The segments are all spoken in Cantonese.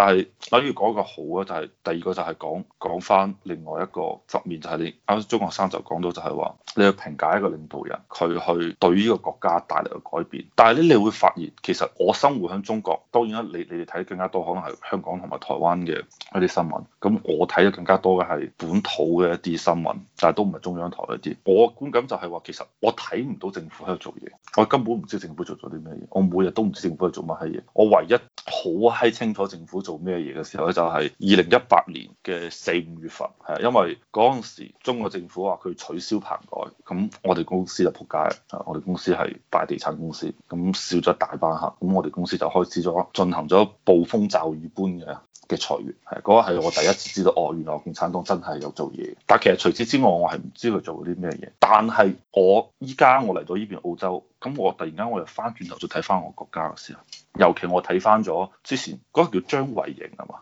但係，我要講一個好啊，就係第二個就係講講翻另外一個側面，就係你啱先，中學生就講到就係話，你去評價一個領導人，佢去對呢個國家帶嚟嘅改變。但係咧，你會發現其實我生活喺中國，當然啦，你你哋睇更加多可能係香港同埋台灣嘅一啲新聞。咁我睇得更加多嘅係本土嘅一啲新聞，但係都唔係中央台一啲。我嘅觀感就係話，其實我睇唔到政府喺度做嘢，我根本唔知政府做咗啲咩嘢。我每日都唔知政府係做乜嘢。我唯一好閪清楚政府。做咩嘢嘅時候咧，就係二零一八年嘅四五月份，係因為嗰陣時中國政府話佢取消棚改，咁我哋公司就仆街。我哋公司係賣地產公司，咁少咗大班客，咁我哋公司就開始咗進行咗暴風驟雨般嘅。嘅財源係嗰個係我第一次知道哦，原來共產黨真係有做嘢，但其實除此之外，我係唔知佢做咗啲咩嘢。但係我依家我嚟到呢邊澳洲，咁我突然間我又翻轉頭再睇翻我國家嘅時候，尤其我睇翻咗之前嗰、嗰個叫張維迎吖嘛？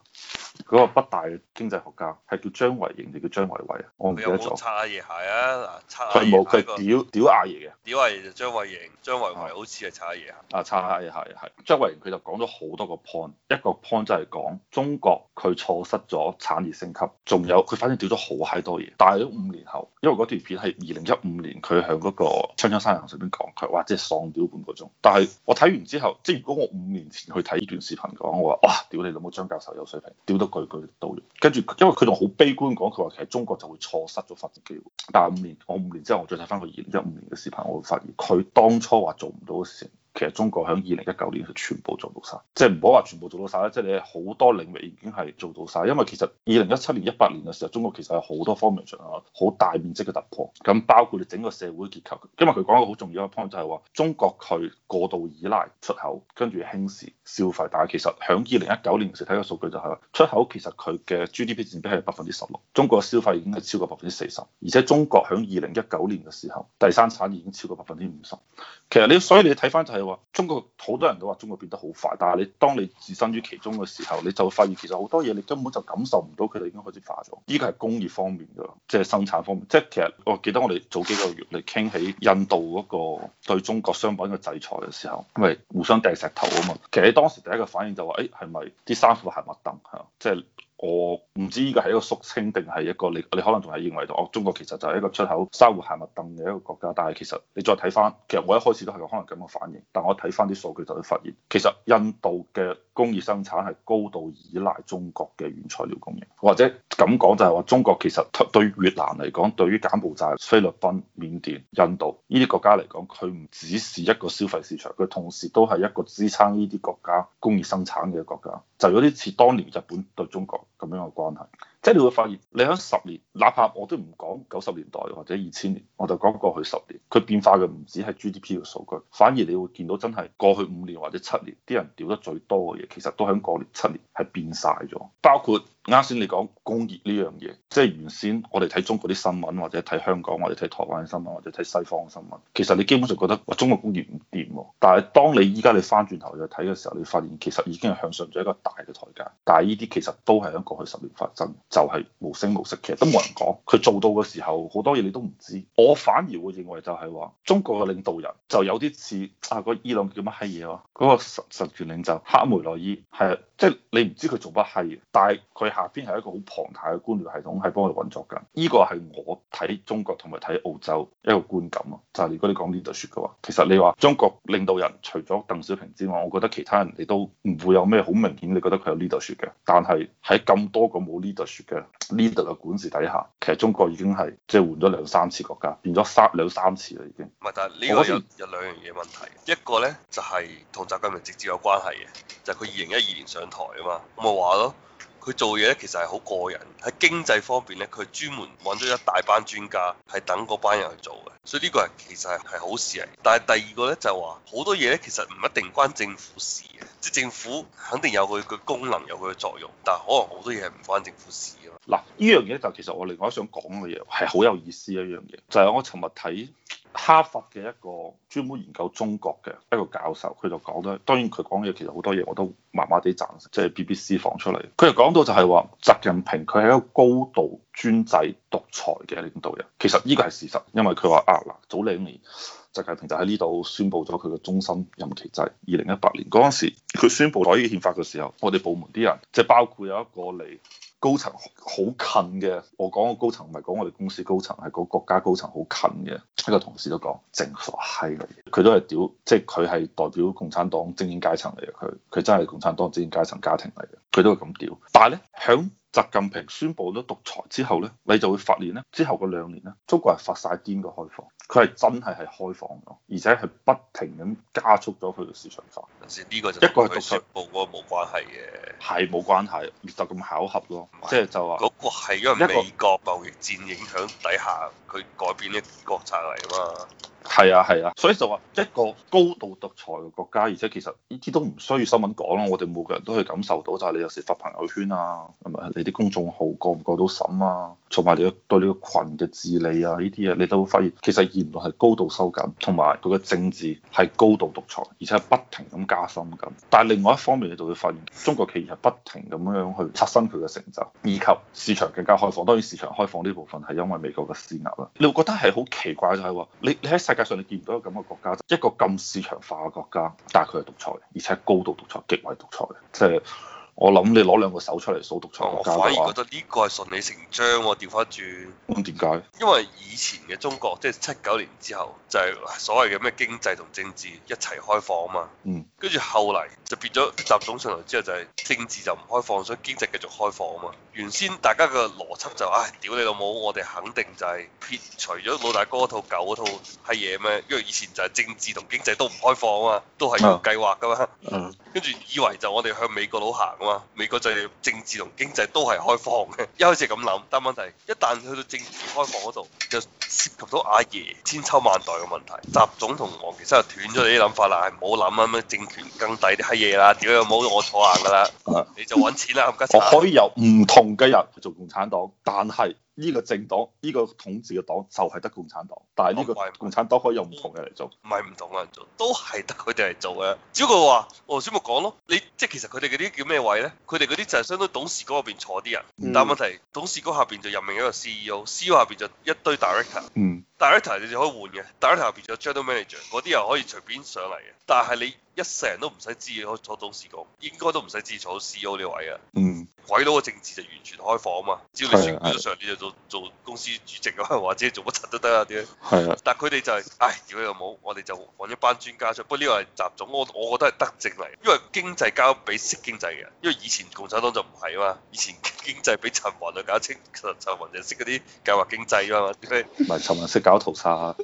嗰個北大經濟學家係叫張維迎定叫張維維啊？我唔記得咗。擦下嘢鞋啊！嗱，擦冇，佢屌屌阿爺嘅。屌阿爺就張維迎，張維維好似係擦下嘢啊，擦下嘢鞋係係張維迎，佢就講咗好多個 point。一個 point 就係講中國佢錯失咗產業升級，仲有佢反正屌咗好閪多嘢。但係都五年後，因為嗰段片係二零一五年佢喺嗰個槍槍山上上《鏘鏘三人行》上邊講佢，哇！即係喪屌半個鐘。但係我睇完之後，即係如果我五年前去睇呢段視頻講，我話哇！屌你老母，張教授有水平。屌得句句都到，跟住，因為佢仲好悲觀，講，佢話其實中國就會錯失咗發展機會。但係五年，我五年之後我再睇翻佢二零一五年嘅視頻，我會發現佢當初話做唔到嘅事。其實中國喺二零一九年係全部做到晒，即係唔好話全部做到晒啦，即係你好多領域已經係做到晒。因為其實二零一七年、一八年嘅時候，中國其實有好多方面上有，好大面積嘅突破。咁包括你整個社會結構，因為佢講一個好重要嘅 point 就係話，中國佢過度依賴出口，跟住輕視消費。但係其實喺二零一九年嘅時候睇個數據就係，出口其實佢嘅 GDP 佔比係百分之十六，中國嘅消費已經係超過百分之四十。而且中國喺二零一九年嘅時候，第三產已經超過百分之五十。其實你所以你睇翻就係、是。中國好多人都話中國變得好快，但係你當你置身於其中嘅時候，你就發現其實好多嘢你根本就感受唔到佢哋已經開始化咗。呢個係工業方面嘅，即係生產方面。即係其實我記得我哋早幾個月嚟傾起印度嗰個對中國商品嘅制裁嘅時候，因為互相掟石頭啊嘛。其實你當時第一個反應就話：「誒，係咪啲衫褲鞋襪凳？」嚇？即係。我唔知呢個係一個縮稱定係一個你，你可能仲係認為到哦，中國其實就係一個出口衫褲鞋襪等嘅一個國家，但係其實你再睇翻，其實我一開始都係可能咁嘅反應，但我睇翻啲數據就會發現，其實印度嘅。工業生產係高度依賴中國嘅原材料供應，或者咁講就係話中國其實對越南嚟講，對於柬埔寨、菲律賓、緬甸、印度呢啲國家嚟講，佢唔只是一個消費市場，佢同時都係一個支撐呢啲國家工業生產嘅國家，就有啲似當年日本對中國咁樣嘅關係。即係你會發現，你響十年，哪怕我都唔講九十年代或者二千年，我就講過去十年，佢變化嘅唔止係 GDP 嘅數據，反而你會見到真係過去五年或者七年，啲人屌得最多嘅嘢，其實都響過年七年，係變晒咗，包括。啱先你講工業呢樣嘢，即係原先我哋睇中國啲新聞，或者睇香港，我哋睇台灣嘅新聞，或者睇西方嘅新聞。其實你基本上覺得中國工業唔掂，但係當你依家你翻轉頭去睇嘅時候，你發現其實已經係向上咗一個大嘅台階。但係呢啲其實都係喺過去十年發生，就係無聲無息，其實都冇人講。佢做到嘅時候，好多嘢你都唔知。我反而會認為就係話中國嘅領導人就有啲似啊、個伊朗叫乜閪嘢嗰個實實權領袖黑梅內伊係，即係你唔知佢做乜閪，但係佢。下邊係一個好龐大嘅官僚系統，係幫我哋運作㗎。呢個係我睇中國同埋睇澳洲一個觀感啊，就係如果你講 leadership 嘅話，其實你話中國領導人除咗鄧小平之外，我覺得其他人你都唔會有咩好明顯，你覺得佢有 leadership 嘅。但係喺咁多個冇 leadership 嘅 leaders 管治底下，其實中國已經係即係換咗兩三次國家變，變咗三兩三次啦，已經。唔係，但係呢個有，有，有兩樣嘢問題。一個咧就係、是、同習近平直接有關係嘅，就係佢二零一二年上台啊嘛，咁咪話咯。佢做嘢咧，其實係好個人喺經濟方面咧，佢專門揾咗一大班專家，係等嗰班人去做嘅。所以呢個係其實係好事嚟。但係第二個咧就話好多嘢咧，其實唔一定關政府事嘅。即係政府肯定有佢嘅功能，有佢嘅作用，但係可能好多嘢係唔關政府事咯。嗱，呢樣嘢就其實我另外想講嘅嘢係好有意思一樣嘢，就係我尋日睇。哈佛嘅一個專門研究中國嘅一個教授，佢就講咧，當然佢講嘅其實好多嘢我都麻麻地贊成，即係 BBC 放出嚟。佢就講到就係話，習近平佢係一個高度專制獨裁嘅領導人，其實呢個係事實，因為佢話啊嗱，早兩年習近平就喺呢度宣布咗佢嘅終身任期制，二零一八年嗰陣時佢宣布咗呢個憲法嘅時候，我哋部門啲人即係包括有一個嚟。高層好近嘅，我講個高層唔係講我哋公司高層，係講國家高層好近嘅。一個同事都講，政傻閪嚟，佢都係屌，即係佢係代表共產黨精英階層嚟嘅。佢佢真係共產黨精英階層家庭嚟嘅，佢都係咁屌。但係呢響。習近平宣布咗獨裁之後咧，你就會發現咧，之後嗰兩年咧，中國係發晒癲嘅開放，佢係真係係開放咗，而且係不停咁加速咗佢嘅市場化。先呢個就一個係獨裁，冇關係嘅，係冇關係，就咁巧合咯，即係是就話嗰個係因為美國貿易戰影響底下，佢是個改變嘅國策嚟啊嘛。係啊係啊，所以就話一個高度獨裁嘅國家，而且其實呢啲都唔需要新聞講咯，我哋每個人都可以感受到就係你有時發朋友圈啊，同埋你啲公眾號過唔過到審啊，同埋你嘅對你嘅群嘅治理啊呢啲嘢，你都會發現其實言論係高度收緊，同埋佢嘅政治係高度獨裁，而且係不停咁加深緊。但係另外一方面，你就會發現中國企業係不停咁樣去刷新佢嘅成就，以及市場更加開放。當然市場開放呢部分係因為美國嘅施壓啦。你會覺得係好奇怪就係話你你喺世。加上你見唔到一個咁嘅國家，就是、一個咁市場化嘅國家，但係佢係獨裁，而且高度獨裁，極為獨裁嘅，即係。我諗你攞兩個手出嚟掃毒廠，我反而覺得呢個係順理成章喎、啊，調翻轉咁點解？嗯、為因為以前嘅中國，即係七九年之後，就係、是、所謂嘅咩經濟同政治一齊開放啊嘛。嗯。跟住後嚟就變咗集中上嚟之後，就係政治就唔開放，所以經濟繼續開放啊嘛。原先大家嘅邏輯就係，唉、哎，屌你老母，我哋肯定就係撇除咗老大哥套舊套係嘢咩？因為以前就係政治同經濟都唔開放啊嘛，都係要計劃㗎嘛。嗯。嗯跟住以為就我哋向美國佬行、啊。美國就係政治同經濟都係開放嘅，一開始咁諗，但問題一旦去到政治開放嗰度，就涉及到阿爺千秋萬代嘅問題。習總同王岐山斷咗你啲諗法啦，唔好諗啊咩政權更替啲閪嘢啦，屌又冇我坐硬噶啦，你就揾錢啦，唔該。我可以由唔同嘅人去做共產黨，但係。呢個政黨，呢個統治嘅黨就係得共產黨，但係呢個共產黨可以用唔同嘅嚟做，唔係唔同嘅人做，都係得佢哋嚟做嘅。只不過話，我頭先咪講咯，你即係其實佢哋嗰啲叫咩位咧？佢哋嗰啲就係相當於董事局入邊坐啲人，但係問題董事局下邊就任命一個 C E O，C E O 下邊就一堆 director。嗯大家頭你就可以換嘅，大家頭變咗 general manager，嗰啲又可以隨便上嚟嘅。但係你一成都唔使知，可以坐董事局，應該都唔使知坐 CEO 呢位啊。嗯。鬼佬嘅政治就完全開放啊嘛，只要你選票上，你就做的就做，做公司主席啊，或者做乜柒都得啊啲。係啊。的但佢哋就係、是，唉、哎，如果有冇，我哋就揾一班專家出。不過呢個係習總，我我覺得係德政嚟，因為經濟交俾識經濟嘅，因為以前共產黨就唔係啊嘛，以前經濟俾陳雲就搞清，陳陳雲就識嗰啲計劃經濟啊嘛，除非唔係陳雲識。 搞屠殺、啊，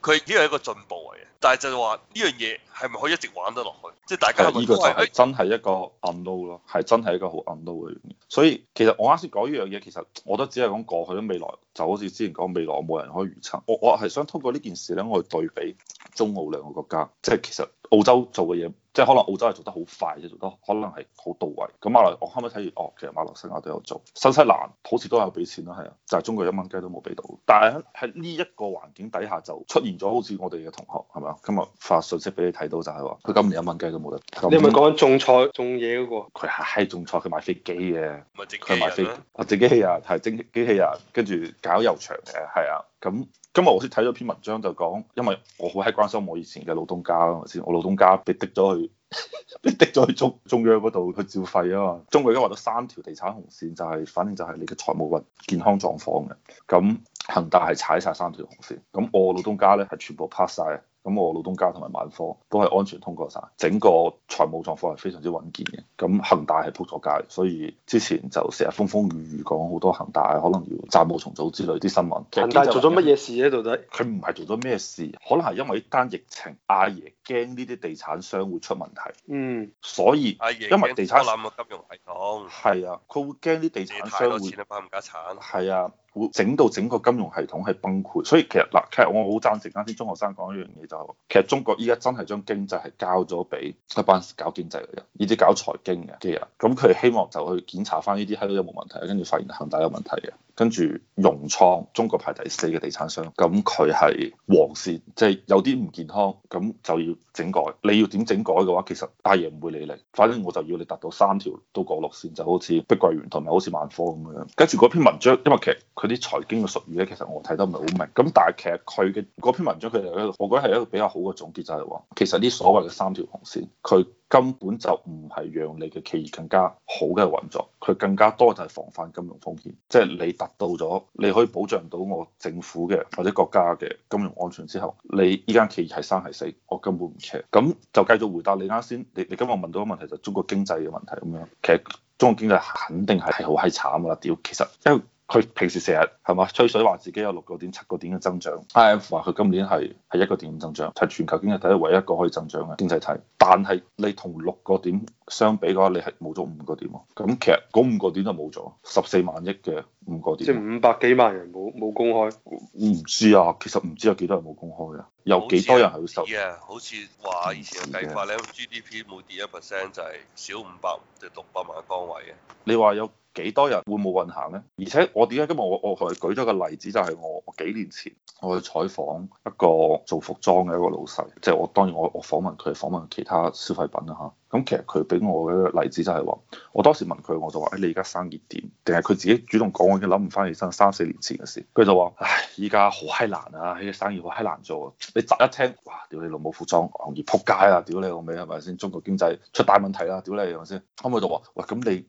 佢已經係一個進步嚟嘅，但係就係話呢樣嘢係咪可以一直玩得落去？即、就、係、是、大家係咪都係？真係一個 unknown 咯，係真係一個好 unknown 嘅嘢。所以其實我啱先講呢樣嘢，其實我都只係講過去咯。未來就好似之前講未來，我冇人可以預測。我我係想通過呢件事咧，我去對比中澳兩個國家，即係其實。澳洲做嘅嘢，即係可能澳洲係做得好快即係，做得可能係好到位。咁馬來西亞，我後尾睇完，哦，其實馬來西亞都有做。新西蘭好似都有俾錢咯，係啊，就係、是、中國一蚊雞都冇俾到。但係喺呢一個環境底下，就出現咗好似我哋嘅同學係咪啊？今日發信息俾你睇到就係話，佢今年一蚊雞都冇得。你係咪講緊種菜種嘢嗰個？佢係種菜，佢買飛機嘅，佢買飛機，賣整機、啊、機、機器人整機器啊，跟住搞油場嘅係啊。咁、嗯、今日我先睇咗篇文章就講，因為我好閪關心我以前嘅老東家先我老東家被滴咗去， 被滴咗去中中央嗰度去照肺啊嘛！中國已經劃咗三條地產紅線，就是，就係反正就係你嘅財務或健康狀況嘅。咁恒大係踩晒三條紅線，咁我老東家咧係全部 pass 晒。咁我老東家同埋萬科都係安全通過晒，整個財務狀況係非常之穩健嘅。咁恒大係仆咗街，所以之前就成日風風雨雨講好多恒大可能要債務重組之類啲新聞。恒大做咗乜嘢事呢，到底？佢唔係做咗咩事，可能係因為一單疫情，阿爺驚呢啲地產商會出問題。嗯，所以阿爺驚。因為地產商，我諗個金融系統係啊，佢會驚啲地產商會太多錢啊，拍唔緊產。係啊。會整到整個金融系統係崩潰，所以其實嗱，其實我好贊成啱先中學生講一樣嘢就係，其實中國依家真係將經濟係交咗俾一班搞經濟嘅人，呢啲搞財經嘅嘅人，咁佢希望就去檢查翻呢啲係度有冇問題，跟住發現恒大有問題嘅。跟住融創中國排第四嘅地產商，咁佢係黃線，即係有啲唔健康，咁就要整改。你要點整改嘅話，其實阿爺唔會理你，反正我就要你達到三條到過綠線，就好似碧桂園同埋好似萬科咁樣。跟住嗰篇文章，因為其實佢啲財經嘅術語咧，其實我睇得唔係好明。咁但係其實佢嘅嗰篇文章，佢哋我覺得係一個比較好嘅總結，就是，就係話其實啲所謂嘅三條紅線，佢，根本就唔係讓你嘅企業更加好嘅運作，佢更加多就係防範金融風險。即係你達到咗，你可以保障到我政府嘅或者國家嘅金融安全之後，你依間企業係生係死，我根本唔 care。咁就繼續回答你啱先，你你今日問到嘅問題就係中國經濟嘅問題咁樣。其實中國經濟肯定係係好閪慘噶啦，屌其實因佢平時成日係嘛吹水，話自己有六個點、七個點嘅增長。IF 話佢今年係係一個點咁增長，係全球經濟體唯一一個可以增長嘅經濟體。但係你同六個點相比嘅話，你係冇咗五個點。咁其實嗰五個點都冇咗十四萬億嘅五個點。即係五百幾萬人冇冇工開？唔知啊，其實唔知有幾多人冇工開啊？有幾多人係會受？好似話以前嘅計法咧，GDP 冇跌一 percent 就係、是、少五百即六百萬個崗位嘅。你話有？幾多人會冇運行咧？而且我點解今日我我係舉咗個例子，就係我幾年前我去採訪一個做服裝嘅一個老細，即係我當然我我訪問佢，訪問其他消費品啦吓。咁其實佢俾我嘅例子就係話，我當時問佢我就話：，誒你而家生意點？定係佢自己主動講？我已經諗唔翻起身三四年前嘅事。佢就話：，唉，依家好閪難啊，呢個生意好閪難做啊。你一聽，哇！屌你老母，服裝行業撲街啦！屌你老味係咪先？中國經濟出大問題啦！屌你係咪先？咁佢就話：，喂，咁你？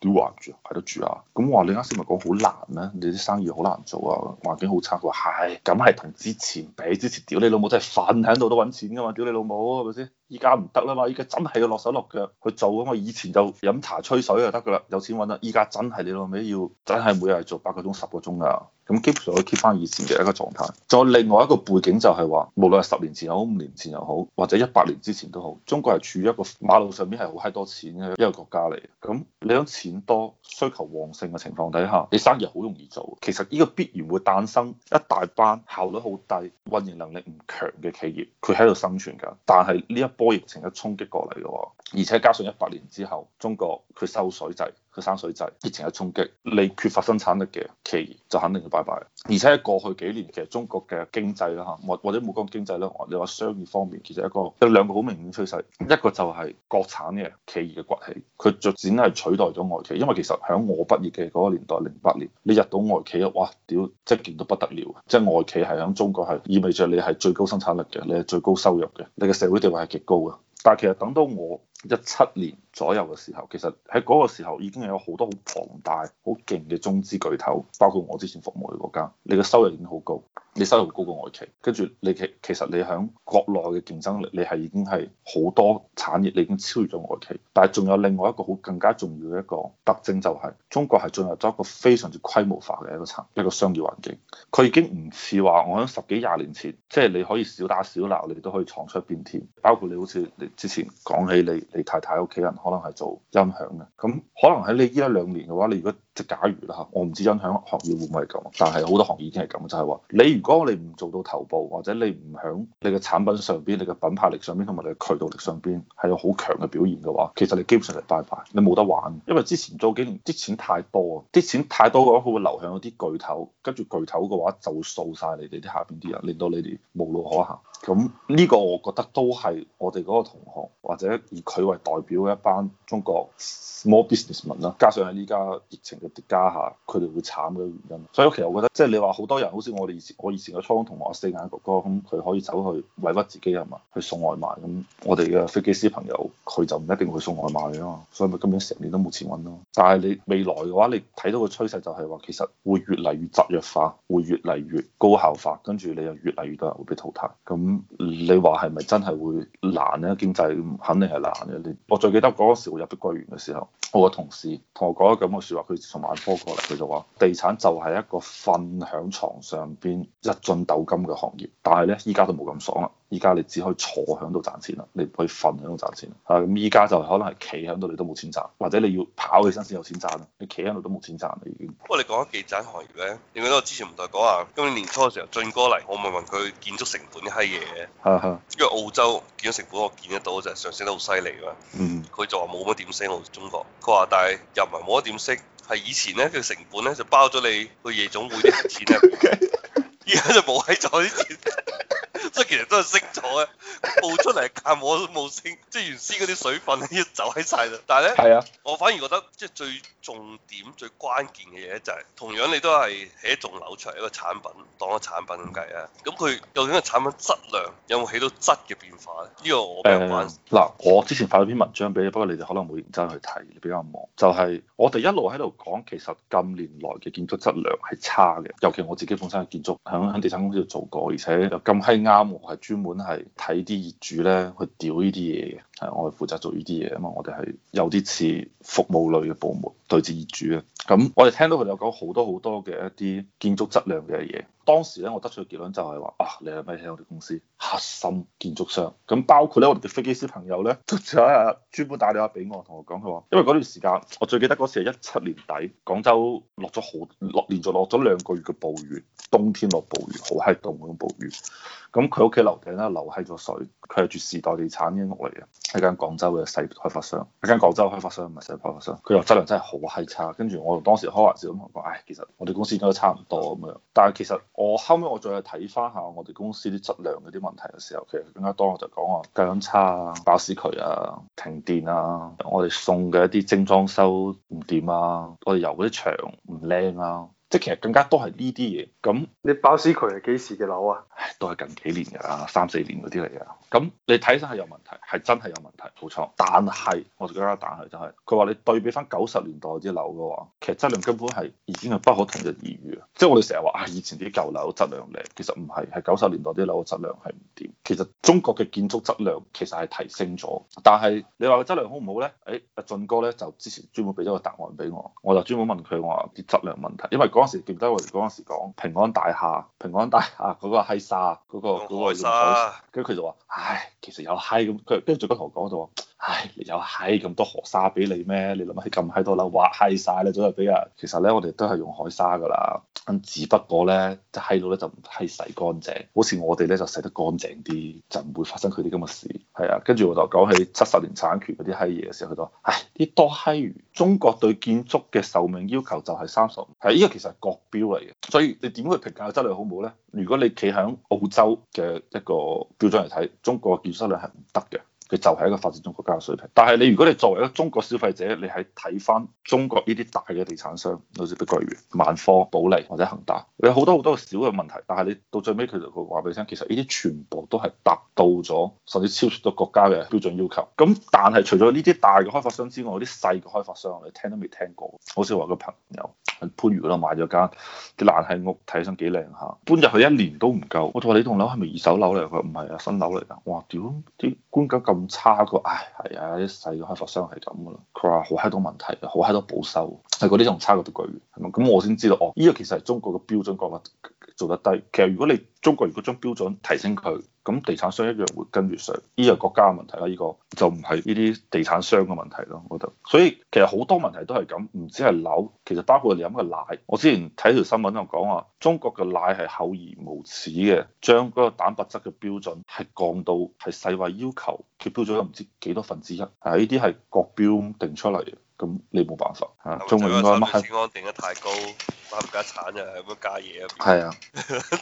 屌還住啊，係得住啊！咁話你啱先咪講好難咩？你啲生意好難做啊，環境好差。佢話係，咁係同之前比，之前屌你老母真係瞓喺度都揾錢噶嘛！屌你老母係咪先？依家唔得啦嘛！依家真係要落手落腳去做啊嘛！以前就飲茶吹水就得噶啦，有錢揾啦。依家真係你老味要真係每日做八個鐘、十個鐘噶、啊，咁基本上要 keep 翻以前嘅一個狀態。再另外一個背景就係話，無論係十年前又好、五年前又好，或者一百年之前都好，中國係處於一個馬路上面係好閪多錢嘅一個國家嚟。咁你錢多、需求旺盛嘅情況底下，你生意好容易做。其實呢個必然會誕生一大班效率好低、運營能力唔強嘅企業，佢喺度生存㗎。但係呢一波疫情一衝擊過嚟嘅話，而且加上一百年之後，中國佢收水制，佢生水制，疫情嘅衝擊，你缺乏生產力嘅企業就肯定就拜拜。而且喺過去幾年，其實中國嘅經濟啦嚇，或者唔好講經濟啦，你話商業方面，其實一個有兩個好明顯趨勢，一個就係國產嘅企業嘅崛起，佢逐漸係取代咗外企。因為其實喺我畢業嘅嗰個年代零八年，你入到外企啊，哇屌，即係見到不得了，即係外企係喺中國係意味着你係最高生產力嘅，你係最高收入嘅，你嘅社會地位係極高嘅。但係其實等到我，一七年。左右嘅時候，其實喺嗰個時候已經有好多好龐大、好勁嘅中資巨頭，包括我之前服務嘅嗰家。你嘅收入已經好高，你收入高過外企，跟住你其其實你喺國內嘅競爭力，你係已經係好多產業你已經超越咗外企，但係仲有另外一個好更加重要嘅一個特徵就係、是、中國係進入咗一個非常之規模化嘅一個產一個商業環境，佢已經唔似話我喺十幾廿年前，即、就、係、是、你可以小打小鬧，你都可以闖出一片天，包括你好似你之前講起你你太太屋企人。可能係做音響嘅，咁可能喺你呢一兩年嘅話，你如果。假如啦嚇，我唔知音響行業會唔會係咁，但係好多行業已經係咁，就係話你如果你唔做到頭部，或者你唔響你嘅產品上邊、你嘅品牌力上邊同埋你嘅渠道力上邊係有好強嘅表現嘅話，其實你基本上係拜拜，你冇得玩。因為之前做幾年啲錢太多啊，啲錢太多嘅話，佢會流向一啲巨頭，跟住巨頭嘅話就掃晒你哋啲下邊啲人，令到你哋無路可行。咁呢個我覺得都係我哋嗰個同行或者以佢為代表嘅一班中國 small businessman 啦，加上係呢家疫情疊加下，佢哋會慘嘅原因。所以其實我覺得，即係你話好多人，好似我哋以前我以前嘅初中同學四眼哥哥咁，佢可以走去委屈自己係嘛，去送外賣咁。我哋嘅飛機師朋友，佢就唔一定會去送外賣啊嘛。所以咪根本成年都冇錢揾咯。但係你未來嘅話，你睇到個趨勢就係話，其實會越嚟越集約化，會越嚟越高效化，跟住你又越嚟越多人會被淘汰。咁你話係咪真係會難呢？經濟肯定係難嘅。我最記得嗰個時候我入碧桂園嘅時候，我個同事同我講咗咁嘅説話，佢，從萬科過嚟，佢就話：地產就係一個瞓喺床上邊一進斗金嘅行業。但係咧，依家都冇咁爽啦！依家你只可以坐喺度賺錢啦，你唔可以瞓喺度賺錢啦。咁依家就可能係企喺度，你都冇錢賺，或者你要跑起身先有錢賺。你企喺度都冇錢賺，已經。不過你講緊基建行業咧，你記得我之前唔代講啊，今年年初嘅時候進哥嚟，我問問佢建築成本呢閪嘢，嚇，因為澳洲建築成本我見得到就上升得好犀利㗎，嗯，佢就話冇乜點升到中國，佢話但係又唔係冇乜點升。係以前咧，佢成本咧就包咗你去夜總會啲錢咧，而家就冇喺咗啲錢。 即係 其實都係升咗嘅，報出嚟，但我都冇升，即、就、係、是、原先嗰啲水分已經走喺晒啦。但係咧，是啊、我反而覺得即係最重點、最關鍵嘅嘢就係、是，同樣你都係起一棟樓出嚟，一個產品，當一個產品咁計啊。咁佢究竟個產品質量有冇起到質嘅變化咧？呢、這個我誒嗱、欸，我之前發咗篇文章俾你，不過你哋可能冇認真去睇，你比較忙。就係、是、我哋一路喺度講，其實近年來嘅建築質量係差嘅，尤其我自己本身嘅建築，響響地產公司度做過，而且又咁係啱。我係專門係睇啲業主咧去屌呢啲嘢嘅，係我係負責做呢啲嘢，咁啊我哋係有啲似服務類嘅部門。對住業主啊，咁我哋聽到佢哋有講好多好多嘅一啲建築質量嘅嘢。當時咧，我得出嘅結論就係話：啊，你係咪喺我哋公司核心建築商？咁包括咧，我哋嘅飛機師朋友咧，都有一日專門打電話俾我，同我講佢話：因為嗰段時間，我最記得嗰時係一七年底，廣州落咗好落，連續落咗兩個月嘅暴雨，冬天落暴雨，好閪凍嗰種暴雨。咁佢屋企樓頂咧流係咗水。佢係住時代地產嘅屋嚟嘅，一間廣州嘅細開發商，一間廣州開發商唔係細開發商。佢話質量真係好。我係差，跟住我當時開玩笑咁講，唉、哎，其實我哋公司應該都差唔多咁樣。但係其實我後尾我再去睇翻下我哋公司啲質量嗰啲問題嘅時候，其實更加多我就講話隔音差啊、爆屎渠啊、停電啊、我哋送嘅一啲精裝修唔掂啊、我哋有啲牆唔靚啊。即係其實更加多係呢啲嘢，咁你爆死渠係幾時嘅樓啊？都係近幾年㗎啦，三四年嗰啲嚟㗎。咁你睇起身係有問題，係真係有問題，冇錯。但係我就覺得但係就係佢話你對比翻九十年代啲樓嘅話，其實質量根本係已經係不可同日而語。即係我哋成日話啊，以前啲舊樓質量靚，其實唔係，係九十年代啲樓嘅質量係唔掂。其實中國嘅建築質量其實係提升咗，但係你話個質量好唔好咧？誒、哎，阿俊哥咧就之前專門俾咗個答案俾我，我就專門問佢話啲質量問題，因為、那個當時記得我哋嗰陣時講平安大廈，平安大廈嗰個閪沙，嗰、嗰個嗰個閪沙，跟住佢就話唉，其實有嗨咁，佢跟住仲嗰度講就話。唉，你有閪咁多河沙俾你咩？你諗起咁閪多樓挖閪晒咧，早就俾人。其實咧，我哋都係用海沙噶啦，咁只不過咧，即係閪佬咧就唔係洗乾淨，好似我哋咧就洗得乾淨啲，就唔會發生佢啲咁嘅事。係啊，跟住我就講起七十年產權嗰啲閪嘢嘅時候，佢都話：「唉，啲多閪魚。中國對建築嘅壽命要求就係三十五。」係呢個其實係國標嚟嘅。所以你點去評價個質量好唔好咧？如果你企喺澳洲嘅一個標準嚟睇，中國嘅建築質量係唔得嘅。佢就係一個發展中國家嘅水平，但係你如果你作為一個中國消費者，你係睇翻中國呢啲大嘅地產商，好似碧桂園、萬科、保利或者恒大，你好多好多小嘅問題，但係你到最尾佢就話俾你聽，其實呢啲全部都係達到咗甚至超出咗國家嘅標準要求。咁但係除咗呢啲大嘅開發商之外，嗰啲細嘅開發商，你聽都未聽過。好似我個朋友喺番禺嗰度買咗間啲爛係屋，睇起身幾靚下，搬入去一年都唔夠。我就話你棟樓係咪二手樓嚟？佢唔係啊，新樓嚟㗎。哇屌，啲官家咁～咁差過唉，係啊，啲細嘅開發商係咁噶啦。佢話好閪多問題嘅，好閪多保修。係嗰啲仲差過德國嘅，係嘛？咁我先知道哦。呢個其實係中國嘅標準國民做得低。其實如果你中國如果將標準提升佢，咁地產商一樣會跟住上。呢個國家嘅問題啦，呢個就唔係呢啲地產商嘅問題咯。我覺得，所以其實好多問題都係咁，唔止係樓，其實包括你飲嘅奶。我之前睇條新聞就講話，中國嘅奶係厚而無恥嘅，將嗰個蛋白質嘅標準係降到係世衞要求嘅標準都唔知幾多分之一。係依啲係國標定出嚟。咁你冇辦法嚇，應該因為啲胺基酸定得太高，啱唔加產就係咁樣加嘢啊。係啊，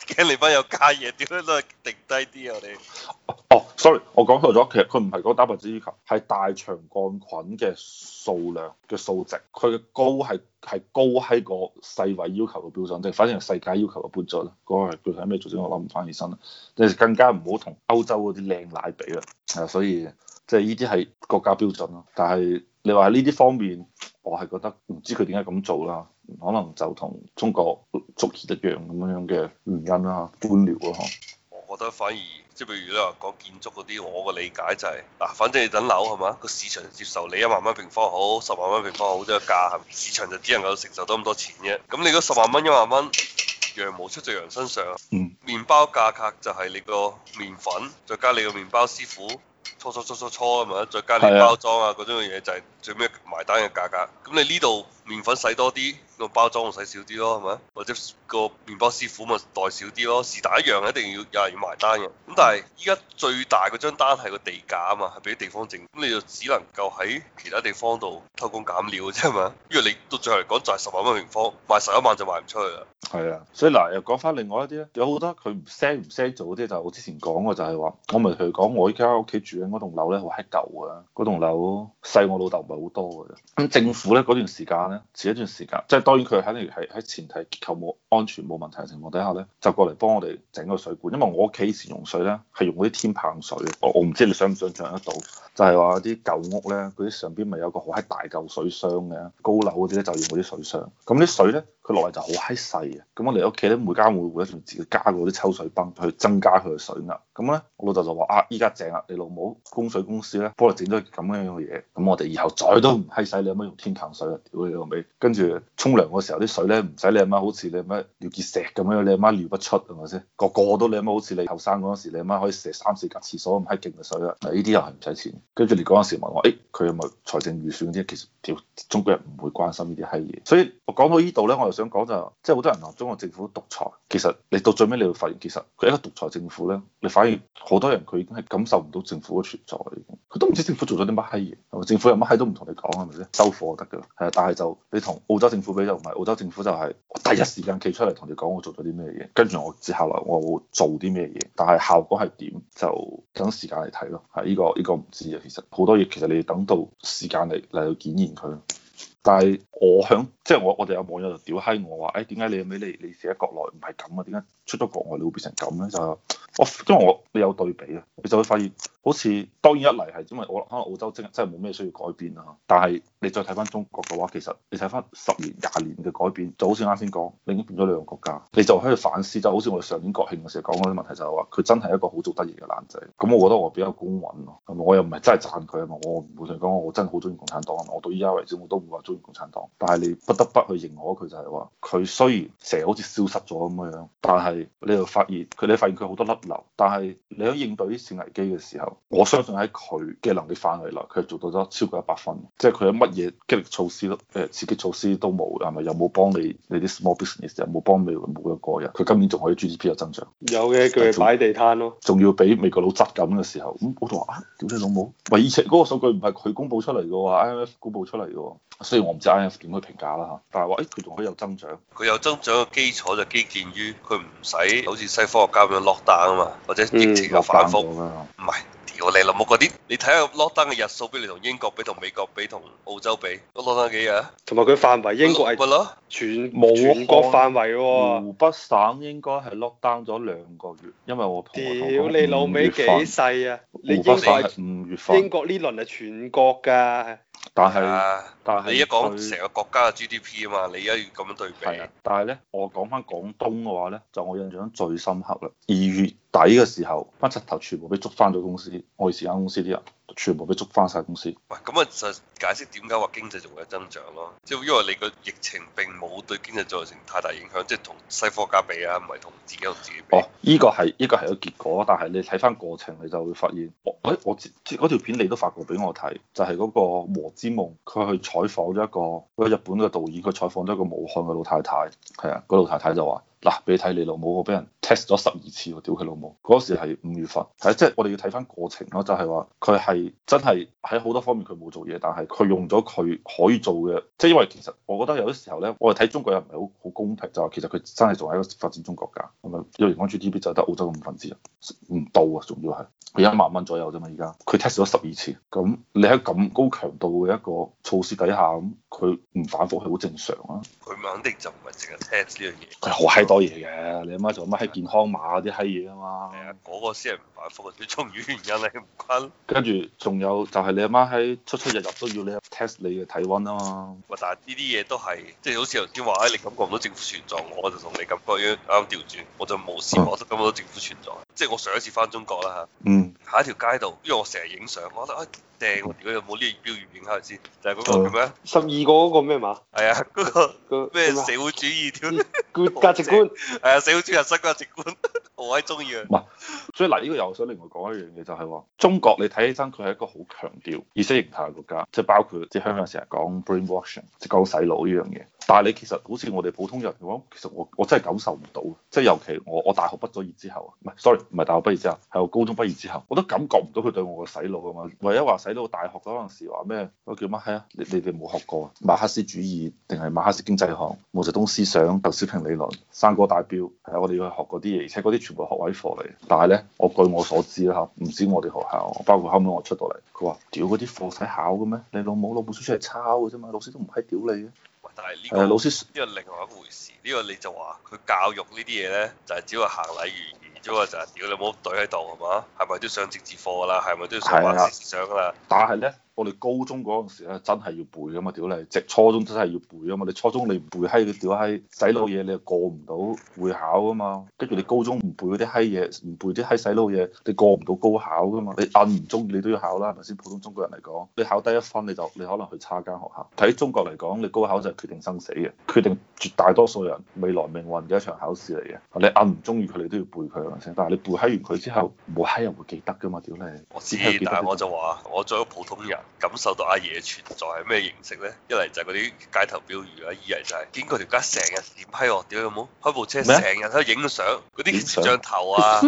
驚離婚有加嘢，點樣都係定低啲啊！我哋 、啊、哦，sorry，我講錯咗，其實佢唔係講蛋白質要求，係大腸桿菌嘅數量嘅數值，佢嘅高係係高喺個世衞要求嘅標準即係，反正係世界要求嘅標準啦。嗰、那個係具體咩做，我諗唔翻起身啦。你更加唔好同歐洲嗰啲靚奶比啦。係啊，所以即係呢啲係國家標準咯，但係。你話喺呢啲方面，我係覺得唔知佢點解咁做啦，可能就同中國足協一樣咁樣嘅原因啦，官僚啊。我覺得反而即係譬如你話講建築嗰啲，我個理解就係、是、嗱，反正你等樓係嘛，個市場接受你一萬蚊平方好，十萬蚊平方好，即、就、係、是、價，市場就只能夠承受到咁多錢啫。咁你嗰十萬蚊、一萬蚊羊毛出在羊身上，麵包價格就係你個麵粉，再加你個麵包師傅。搓搓搓搓搓啊嘛，再加啲包裝啊嗰是的 種嘅嘢就係最屘埋單嘅價格。咁你呢度麵粉使多啲。個包裝咪使少啲咯，係咪？或者個麵包師傅咪袋少啲咯。是但一樣一定要有人要埋單嘅。咁但係依家最大嗰張單係個地價啊嘛，係俾地方政府。咁你就只能夠喺其他地方度偷工減料嘅啫，係咪？因為你到最後嚟講就係十萬蚊平方賣十一萬就賣唔出去啦。係啊，所以嗱、呃、又講翻另外一啲咧，有好多佢唔 sell 唔 sell 做嗰啲就係、是、我之前講嘅，就係話我咪同你講，我依家喺屋企住緊嗰棟樓咧好閪舊啊，嗰棟樓細我老豆唔係好多嘅。咁政府咧嗰段時間咧，前一段時間即係。就是當然佢肯定係喺前提結構冇安全冇問題嘅情況底下咧，就過嚟幫我哋整個水管。因為我屋企以前用水咧係用嗰啲天棚水，我我唔知你想唔想象得到，就係話啲舊屋咧，嗰啲上邊咪有個好閪大嚿水箱嘅，高樓嗰啲咧就用嗰啲水箱。咁啲水咧，佢落嚟就好閪細嘅。咁我哋屋企咧，每家每戶咧都自己加嗰啲抽水泵去增加佢嘅水壓。咁咧，我老豆就話：啊，依家正啦，你老母供水公司咧幫我整咗咁樣樣嘅嘢，咁我哋以後再都唔閪細，你可唔可以用天棚水啊？屌你老味。跟住沖涼嘅時候啲水咧唔使你阿媽，好似你阿媽尿結石咁樣，你阿媽尿不出係咪先？個個都你阿媽好似你後生嗰陣時，你阿媽可以射三四格廁所咁閪勁嘅水啦、啊。嗱，呢啲又係唔使錢。跟住你嗰陣時問我，誒、欸，佢有冇財政預算嗰啲？其實屌，中國人唔會關心呢啲閪嘢。所以我講到呢度咧，我又想講就係，即係好多人話中國政府獨裁，其實你到最尾，你會發現，其實佢一個獨裁政府咧，你反而好多人佢已經係感受唔到政府嘅存在，佢都唔知政府做咗啲乜閪嘢，政府有乜閪都唔同你講係咪先？收貨就得噶啦，係啊，但係就你同澳洲政府比。就唔係澳洲政府，就係我第一時間企出嚟同你講我做咗啲咩嘢，跟住我接下來我會做啲咩嘢，但係效果係點就等時間嚟睇咯。係呢個呢個唔知啊，其實好多嘢其實你等到時間嚟嚟去檢驗佢。但係我響即係我我哋有網友就屌閪我話，誒，點解你俾你你寫喺國內唔係咁啊？點解出咗國外你會變成咁咧？就我因為我你有對比啊，你就會發現好似當然一嚟係因為我可能澳洲真真係冇咩需要改變啊，但係你再睇翻中國嘅話，其實你睇翻十年廿年嘅改變，就好似啱先講，你已經變咗兩個國家，你就可以反思，就好似我上年國慶嘅時候講嗰啲問題就係話，佢真係一個好做得意嘅男仔，咁我覺得我比較公允咯，係咪？我又唔係真係讚佢啊嘛，我唔會上講我真係好中意共產黨啊，我到依家為止我都唔會話。中共產黨，但係你不得不去認可佢就係、是、話，佢雖然成日好似消失咗咁樣，但係你又發現佢，你發現佢好多甩漏，但係你喺應對呢次危機嘅時候，我相信喺佢嘅能力範圍內，佢係做到咗超過一百分，即係佢有乜嘢激勵措施咯，誒、呃、刺激措施都冇，係咪有冇幫你你啲 small business，有冇幫你？國一個人，佢今年仲可以 GDP 有增長？有嘅還，佢係擺地攤咯，仲要俾美國佬執緊嘅時候，咁、嗯、我都話點啫老母，唔係以前嗰個數據唔係佢公佈出嚟嘅喎，IMF 公佈出嚟嘅喎。所我唔知 IF 點樣去評價啦嚇，但係話誒佢仲可以有增長，佢有增長嘅基礎就基建於佢唔使好似西科學家咁樣 lock down 啊嘛，或者疫情又反覆啊，唔係，屌你老母嗰啲，你睇下 lock down 嘅日數，比你同英國比、同美國比、同澳洲比，lock down 幾日？同埋佢範圍，英國係乜咯？全全國範圍喎。湖北省應該係 lock down 咗兩個月，因為我同你講。屌你老味幾細啊！湖北五月份。英國呢輪係全國㗎。但係，啊、但係你一講成個國家嘅 GDP 啊嘛，你一樣要咁樣對比。啊、但係咧，我講翻廣東嘅話咧，就我印象最深刻啦。二月底嘅時候，班柒頭全部被捉翻咗公司，我以前間公司啲人。全部俾捉翻晒公司。唔係咁啊，就解釋點解話經濟仲會有增長咯，即係因為你個疫情並冇對經濟造成太大影響，即係同西方家比啊，唔係同自己同自己比。哦，依個係依個係個結果，但係你睇翻過程，你就會發現，我，誒，我，即嗰條片你都發過俾我睇，就係、是、嗰個和之夢，佢去採訪咗一,一個日本嘅導演，佢採訪咗一個武漢嘅老太太，係啊，嗰老太太就話。嗱，俾你睇你老母，我俾人 test 咗十二次我屌佢老母！嗰時係五月份，係即係我哋要睇翻過程咯，就係話佢係真係喺好多方面佢冇做嘢，但係佢用咗佢可以做嘅，即係因為其實我覺得有啲時候咧，我哋睇中國又唔係好好公平，就話其實佢真係作為一個發展中國家，係咪？因為按 GDP 就得澳洲嘅五分之一，唔到啊，仲要係佢一萬蚊左右啫嘛，而家佢 test 咗十二次，咁你喺咁高強度嘅一個措施底下咁，佢唔反覆係好正常啊！佢肯定就唔係淨係 test 呢樣嘢，佢好多嘢嘅，你阿媽做乜喺健康碼嗰啲閪嘢啊嘛？係啊、欸，嗰、嗰個先係唔符合你終原因你唔關。跟住仲有就係你阿媽喺出出入入都要你 test 你嘅體温啊嘛。喂，但係呢啲嘢都係即係好似頭先話咧，你感覺唔到政府存在，我就同你感覺一樣啱，調轉，我就冇感覺到政府存在。嗯即係我上一次翻中國啦嚇，喺一條街度，因為我成日影相，我覺得唉，掟我哋有冇呢啲標語影下先，就係、是、嗰、那個叫咩、嗯、樣十二個嗰個咩嘛？係啊、哎，嗰、那個咩社會主義條價值觀，係啊，社會主義新價值觀，我係中意啊。唔係，所以嗱，呢、這個又想另外講一樣嘢，就係、是、話中國你睇起身佢係一個好強調意識形態嘅國家，即、就、係、是、包括即係香港成日講 brainwashing，即係講洗腦呢樣嘢。但係你其實好似我哋普通人嘅話，其實我我真係感受唔到，即係尤其我我大學畢咗業之後，唔係，sorry。唔係大學畢業之後，係我高中畢業之後，我都感覺唔到佢對我嘅洗腦啊嘛。唯一話洗腦，大學嗰陣時話咩？嗰叫乜閪啊？你你哋冇學過馬克思主義定係馬克思經濟學、毛澤東思想、鄧小平理論、三個代表係啊？我哋要學嗰啲嘢，而且嗰啲全部學位課嚟。但係咧，我據我所知啦嚇，唔知我哋學校，包括後尾我出到嚟，佢話屌嗰啲課使考嘅咩？你老母攞本書出嚟抄嘅啫嘛，老師都唔閪屌你嘅。但係呢、呢個哎、老師呢個另外一回事，呢、呢個你就話佢教育呢啲嘢咧，就係、是、只係行禮而言。咁啫就係屌你冇懟喺度係嘛？係咪都上政治課啦？係咪都要上畫事事上啦？打係咧。但我哋高中嗰陣時咧，真係要背噶嘛，屌你！直初中真係要背噶嘛，你初中你唔背閪你屌閪洗腦嘢，你又過唔到會考噶嘛。跟住你高中唔背嗰啲閪嘢，唔背啲閪洗腦嘢，你過唔到高考噶嘛。你硬唔中意你都要考啦，係咪先？普通中國人嚟講，你考低一分你就你可能去差間學校。喺中國嚟講，你高考就係決定生死嘅，決定絕大多數人未來命運嘅一場考試嚟嘅。你硬唔中意佢你都要背佢啊先，但係你背閪完佢之後，冇閪人會記得噶嘛，屌你！我知，但我就話，我做普通人。感受到阿爺嘅存在係咩形式咧？一嚟就係嗰啲街頭標語，啊，二嚟就係見佢條街成日閃閪我，屌有冇開部車成日喺度影相，嗰啲攝像頭啊，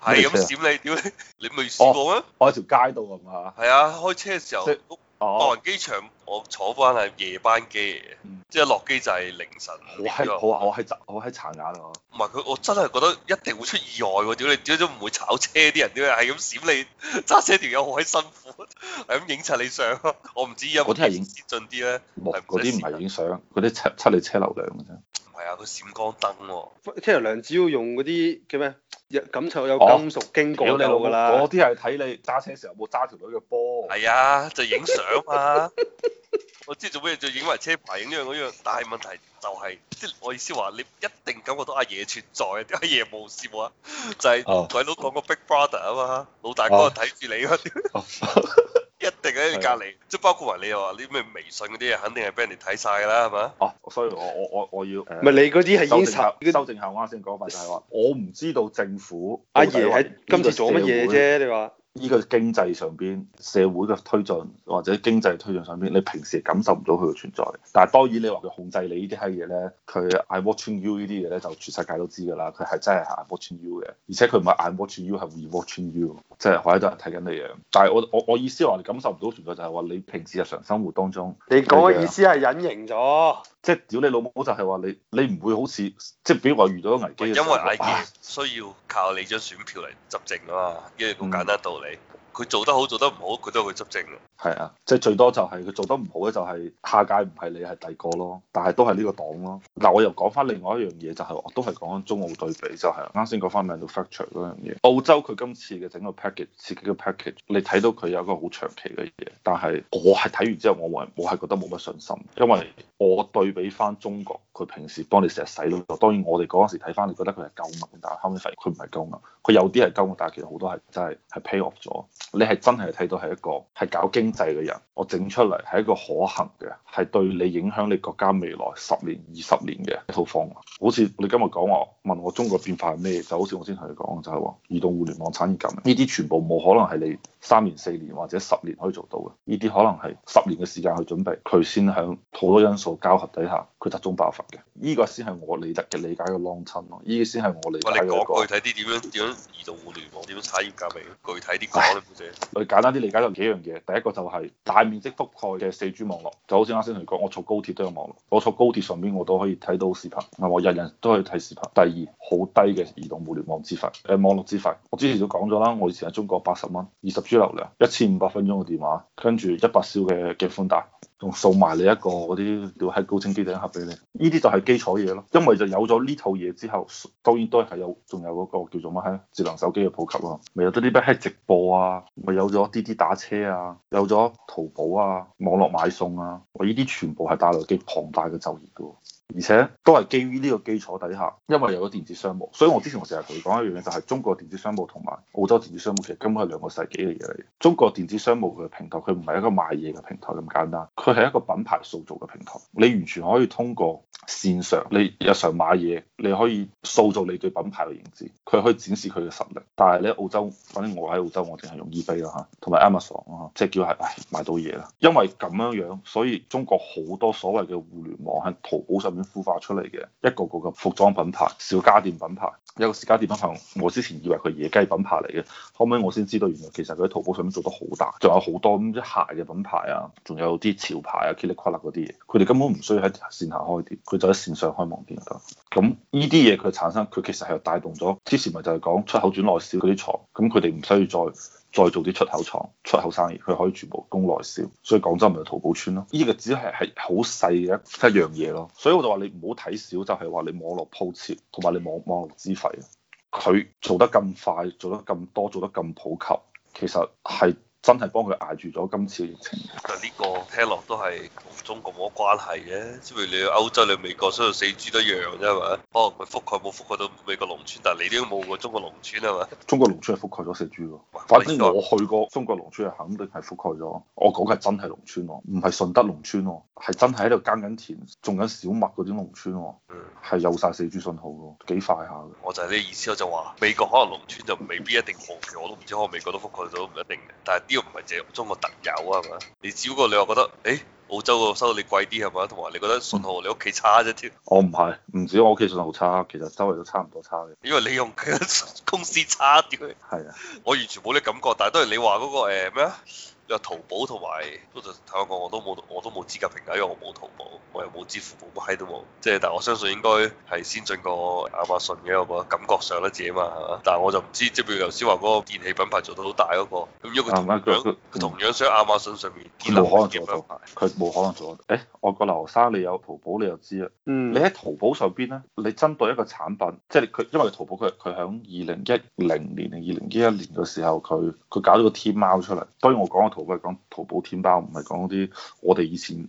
係咁閃你，屌 你，你未試過咩？我喺條街度啊嘛。係啊，開車嘅時候。以哦，白雲機場我坐翻係夜班機嘅，嗯、即係落機就係凌晨。我喺、啊、我我喺我喺擦眼啊！唔係佢，我真係覺得一定會出意外喎、啊！屌你，點都唔會炒車啲人你，都係咁閃你揸車條友好閪辛苦，係咁影襯你相、啊。我唔知有嗰啲係影先進啲咧，嗰啲唔係影相，嗰啲出測你車流量嘅啫。唔係啊，佢閃光燈喎、啊，車流量主要用嗰啲叫咩？有咁就有金屬經過了你了、哦、到噶啦，啲係睇你揸車時候有冇揸條女嘅波，係啊，就影相啊， 我知做咩，就影埋車牌，影呢樣嗰樣，但係問題就係、是，即、就、係、是、我意思話，你一定感覺到阿爺存在，點解阿爺冇笑啊？ 就係、是 oh. 鬼佬講個 Big Brother 啊嘛，老大哥睇住、oh. 著你啊。 即係包括埋你話你咩微信嗰啲嘢，肯定係俾人哋睇晒㗎啦，係咪哦，所以我我我我要唔係、呃、你嗰啲係修正修，修正後我啱先講埋曬。我唔知道政府阿爺喺今次做乜嘢啫？你話說呢個經濟上邊社會嘅推進，或者經濟推進上邊，你平時感受唔到佢嘅存在。但係當然你話佢控制你呢啲閪嘢咧，佢 I watching you 呢啲嘢咧，就全世界都知㗎啦。佢係真係 I watching you 嘅，而且佢唔係 I watching you，係 we watching you。即係海一堆人睇緊你樣，但係我我我意思話，你感受唔到存在就係話你平時日常生活當中，你嗰個意思係隱形咗。即係屌你老母就係話你，你唔會好似即係比如話遇到危機。因為危機需要靠你張選票嚟執政啊嘛，依、哎呀嗯、個咁簡單道理。佢做得好，做得唔好，佢都會執政。係啊，即係最多就係、是、佢做得唔好咧、就是，就係下屆唔係你係第個咯，但係都係呢個黨咯。嗱，我又講翻另外一樣嘢，就係、是、我都係講緊中澳對比，就係啱先講翻 manufacture 嗰樣嘢。澳洲佢今次嘅整個 package 刺激嘅 package，你睇到佢有一個好長期嘅嘢，但係我係睇完之後，我係我係覺得冇乜信心，因為我對比翻中國，佢平時幫你成日洗腦，當然我哋嗰陣時睇翻，你覺得佢係救命，但係後尾發現佢唔係救命，佢有啲係救命，但係其實好多係真係係 pay off 咗。你係真係睇到係一個係搞經經濟嘅人，我整出嚟，係一個可行嘅，係對你影響你國家未來十年、二十年嘅一套方案。好似你今日講，我問我中國變化係咩？就好似我先同你講就係話，移動互聯網產業革命呢啲全部冇可能係你三年、四年或者十年可以做到嘅，呢啲可能係十年嘅時間去準備，佢先喺好多因素交合底下，佢集中爆發嘅。呢、這個先係我理得嘅理解嘅 long term 咯，呢啲先係我理解嘅。Term，個我哋睇啲點樣點樣移動互聯網點樣產業革命，具體啲講咧，小姐，我簡單啲理解咗幾樣嘢，第一個，就。是就係大面積覆蓋嘅四 G 網絡，就好似啱先同你講，我坐高鐵都有網絡，我坐高鐵上邊我都可以睇到視頻，係嘛？我日日都可以睇視頻。第二，好低嘅移動互聯網資費，誒、呃、網絡資費，我之前就講咗啦，我以前喺中國八十蚊二十 G 流量，一千五百分鐘嘅電話，跟住一百兆嘅寬帶。仲送埋你一個嗰啲叫喺高清機頂盒俾你，呢啲就係基礎嘢咯。因為就有咗呢套嘢之後，當然都係有仲有嗰個叫做乜閪智能手機嘅普及咯。咪有咗啲乜閪直播啊，咪有咗滴滴打車啊，有咗淘寶啊，網絡買餸啊，我呢啲全部係帶來幾龐大嘅就業噶喎。而且都係基於呢個基礎底下，因為有咗電子商務，所以我之前我成日同佢講一樣嘢，就係、是、中國電子商務同埋澳洲電子商務其實根本係兩個世紀嘅嘢嚟。中國電子商務嘅平台，佢唔係一個賣嘢嘅平台咁簡單，佢係一個品牌塑造嘅平台。你完全可以通過綫上，你日常買嘢，你可以塑造你對品牌嘅認知，佢可以展示佢嘅實力。但係咧澳洲，反正我喺澳洲，我淨係用 eBay 啦吓，同埋 Amazon 即係叫係買到嘢啦。因為咁樣樣，所以中國好多所謂嘅互聯網喺淘寶上面。孵化出嚟嘅一個個嘅服裝品牌、小家電品牌，一個小家電品牌，我之前以為佢野雞品牌嚟嘅，後尾我先知道原來其實佢喺淘寶上面做得好大，仲有好多咁啲鞋嘅品牌啊，仲有啲潮牌啊、噼里 t t 嗰啲嘢，佢哋根本唔需要喺線下開店，佢就喺線上開網店得。咁呢啲嘢佢產生，佢其實係帶動咗之前咪就係講出口轉內銷嗰啲廠，咁佢哋唔需要再。再做啲出口廠、出口生意，佢可以全部供內銷，所以廣州咪有淘寶村咯？呢、這個只係係好細嘅一一樣嘢咯，所以我就話你唔好睇小，就係、是、話你網絡鋪設同埋你網網絡資費，佢做得咁快，做得咁多，做得咁普及，其實係。真係幫佢挨住咗今次嘅疫情。就呢個聽落都係同中國冇關係嘅，因為你去歐洲你美國雖然四 G 都一樣啫嘛，哦佢覆蓋冇覆蓋到美國農村，但係你都冇過中國農村啊嘛。中國農村係覆蓋咗四 G 喎。反正我去過中國農村係肯定係覆蓋咗，喂我講嘅係真係農村喎，唔係順德農村喎、啊，係真係喺度耕緊田、種緊小麥嗰啲農村喎、啊，係、嗯、有晒四 G 信號嘅，幾快下嘅。我就係呢意思，我就話美國可能農村就未必一定好，其實我都唔知，可能美國都覆蓋到唔一定嘅，但係都唔係借中國特有啊，係咪？你只不過你話覺得，誒、欸、澳洲個收到你貴啲係咪？同埋你覺得信號你屋企差啫，添。我唔係，唔止我屋企信號差，其實周圍都差唔多差嘅。因為你用嘅公司差啲。係啊，我完全冇啲感覺，但係都係你話嗰、嗰個咩啊？欸有淘寶同埋，都就睇我講，我都冇，我都冇資格評價，因為我冇淘寶，我又冇支付寶，乜閪都冇。即係，但我相信應該係先進過亞馬遜嘅，我覺得感覺上得嘅嘛，係嘛？但係我就唔知，即係譬如頭先話嗰個電器品牌做到好大嗰、那個，咁如果佢同樣，佢、啊嗯、同樣上亞馬遜上面的林林的，冇可能做到係，佢冇可能做到。誒、欸，外國留學生你有淘寶，你又知啦。嗯。你喺淘寶上邊咧，你針對一個產品，即係佢，因為淘寶佢佢響二零一零年定二零一一年嘅時候，佢佢搞咗個天貓出嚟。當然我講。唔係講淘寶、天貓、嗯，唔係講啲我哋以前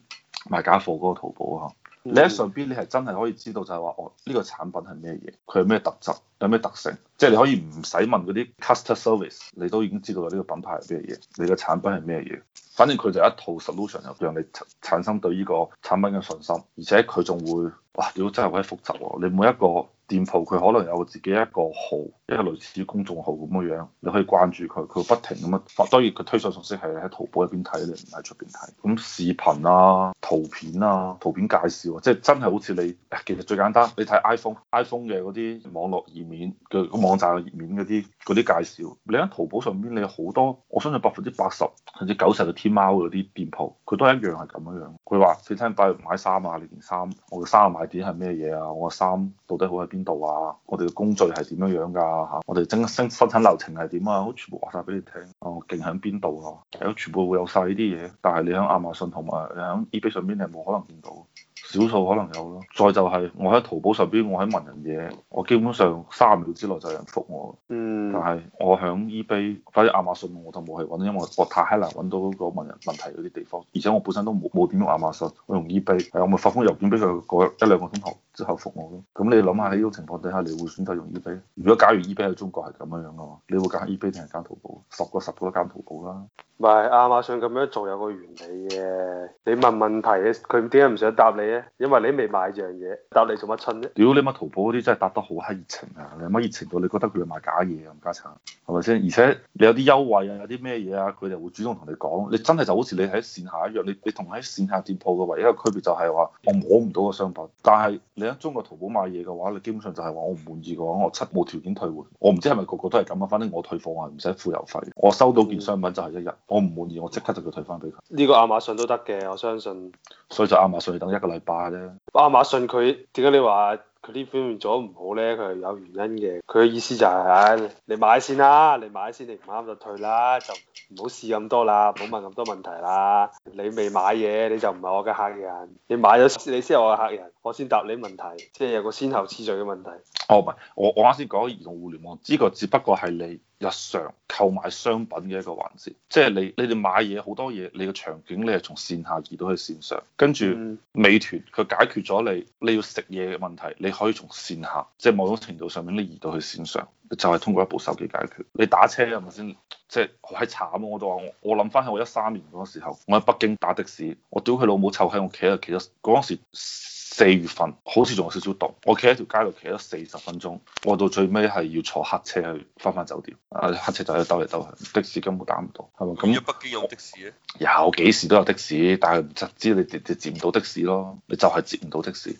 賣假貨嗰個淘寶啊！你喺上邊，你係真係可以知道就係話，我、這、呢個產品係咩嘢，佢係咩特質，有咩特性，即、就、係、是、你可以唔使問嗰啲 customer service，你都已經知道呢、這個品牌係咩嘢，你嘅產品係咩嘢。反正佢就一套 solution，又讓你產生對呢個產品嘅信心，而且佢仲會哇，屌真係可以複雜喎！你每一個店鋪佢可能有自己一個號，一個類似公眾號咁嘅樣，你可以關注佢，佢不停咁發。當然佢推送信息係喺淘寶入邊睇，你唔喺出邊睇。咁視頻啊、圖片啊、圖片介紹，即係真係好似你，其實最簡單，你睇 iPhone，iPhone 嘅嗰啲網絡頁面嘅網站嘅頁面嗰啲啲介紹，你喺淘寶上邊你好多，我相信百分之八十甚至九十嘅。啲啲店鋪，佢都係一樣係咁樣樣。佢話：你聽，帶買衫啊，你件衫，我嘅衫買點係咩嘢啊？我嘅衫到底好喺邊度啊？我哋嘅工序係點樣樣㗎？嚇，我哋整個生生產流程係點啊？好，全部話晒俾你聽。哦，勁喺邊度啊？係咯，全部會有晒呢啲嘢，但係你喺亞馬遜同埋你喺 eBay 上邊，你係冇可能見到。少數可能有咯，再就係我喺淘寶上邊，我喺問人嘢，我基本上三十秒之內就有人覆我。嗯。但係我響 eBay 或者亞馬遜我就冇去揾，因為我太難揾到嗰個問人問題嗰啲地方，而且我本身都冇冇點用亞馬遜，我用 eBay，係我咪發封郵件俾佢，過一兩個鐘頭。之後服務咯，咁你諗下喺呢種情況底下，你會選擇用 eBay？如果假如 eBay 喺中國係咁樣樣嘅話，你會揀 eBay 定係揀淘寶？十個十個都揀淘寶啦。唔係亞馬遜咁樣做有個原理嘅。你問問題佢點解唔想答你咧？因為你未買一樣嘢，答你做乜春啫？屌你買淘寶嗰啲真係答得好閪熱情啊！你係乜熱情到你覺得佢賣假嘢啊？唔加橙，係咪先？而且你有啲優惠啊，有啲咩嘢啊，佢就會主動同你講。你真係就好似你喺線下一樣，你你同喺線下店鋪嘅唯一,一個區別就係話，我摸唔到個商品，但係你。中國淘寶買嘢嘅話，你基本上就係話我唔滿意嘅話，我七冇條件退換。我唔知係咪個個都係咁啊，反正我退貨我係唔使付郵費。我收到件商品就係一日，我唔滿意我即刻就要退翻俾佢。呢個亞馬遜都得嘅，我相信。所以就亞馬遜要等一個禮拜啫。亞馬遜佢點解你話？佢啲表現咗唔好咧，佢係有原因嘅。佢嘅意思就係：唉，你買先啦，你買先，你唔啱就退啦，就唔好試咁多啦，唔好問咁多問題啦。你未買嘢，你就唔係我嘅客人；你買咗，你先係我嘅客人，我先答你問題。即係有個先後次序嘅問題。哦，唔係，我我啱先講移動互聯網，呢個只不過係你。日常購買商品嘅一個環節，即係你你哋買嘢好多嘢，你嘅場景你係從線下移到去線上，跟住美團佢解決咗你你要食嘢嘅問題，你可以從線下即係某種程度上面你移到去線上，就係通過一部手機解決。你打車係咪先？即係好閪慘啊，我都話我我諗翻起我一三年嗰時候，我喺北京打的士，我屌佢老母臭喺我屋企啊！其實嗰陣時。四月份好似仲有少少凍，我企喺條街度企咗四十分鐘，我到最尾係要坐黑車去翻翻酒店，啊黑車就喺兜嚟兜去，的士根本打唔到，係咪咁？如果北京有的士咧，有幾時都有的士，但係唔知你你接唔到的士咯，你就係接唔到的士。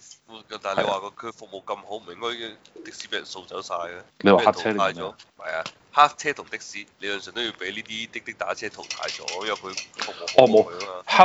但係你話個佢服務咁好，唔應該嘅的士俾人掃走晒嘅？你話黑車嚟咗？係啊。黑車同的士，你有陣時都要俾呢啲滴滴打車淘汰咗，因為佢服務好，佢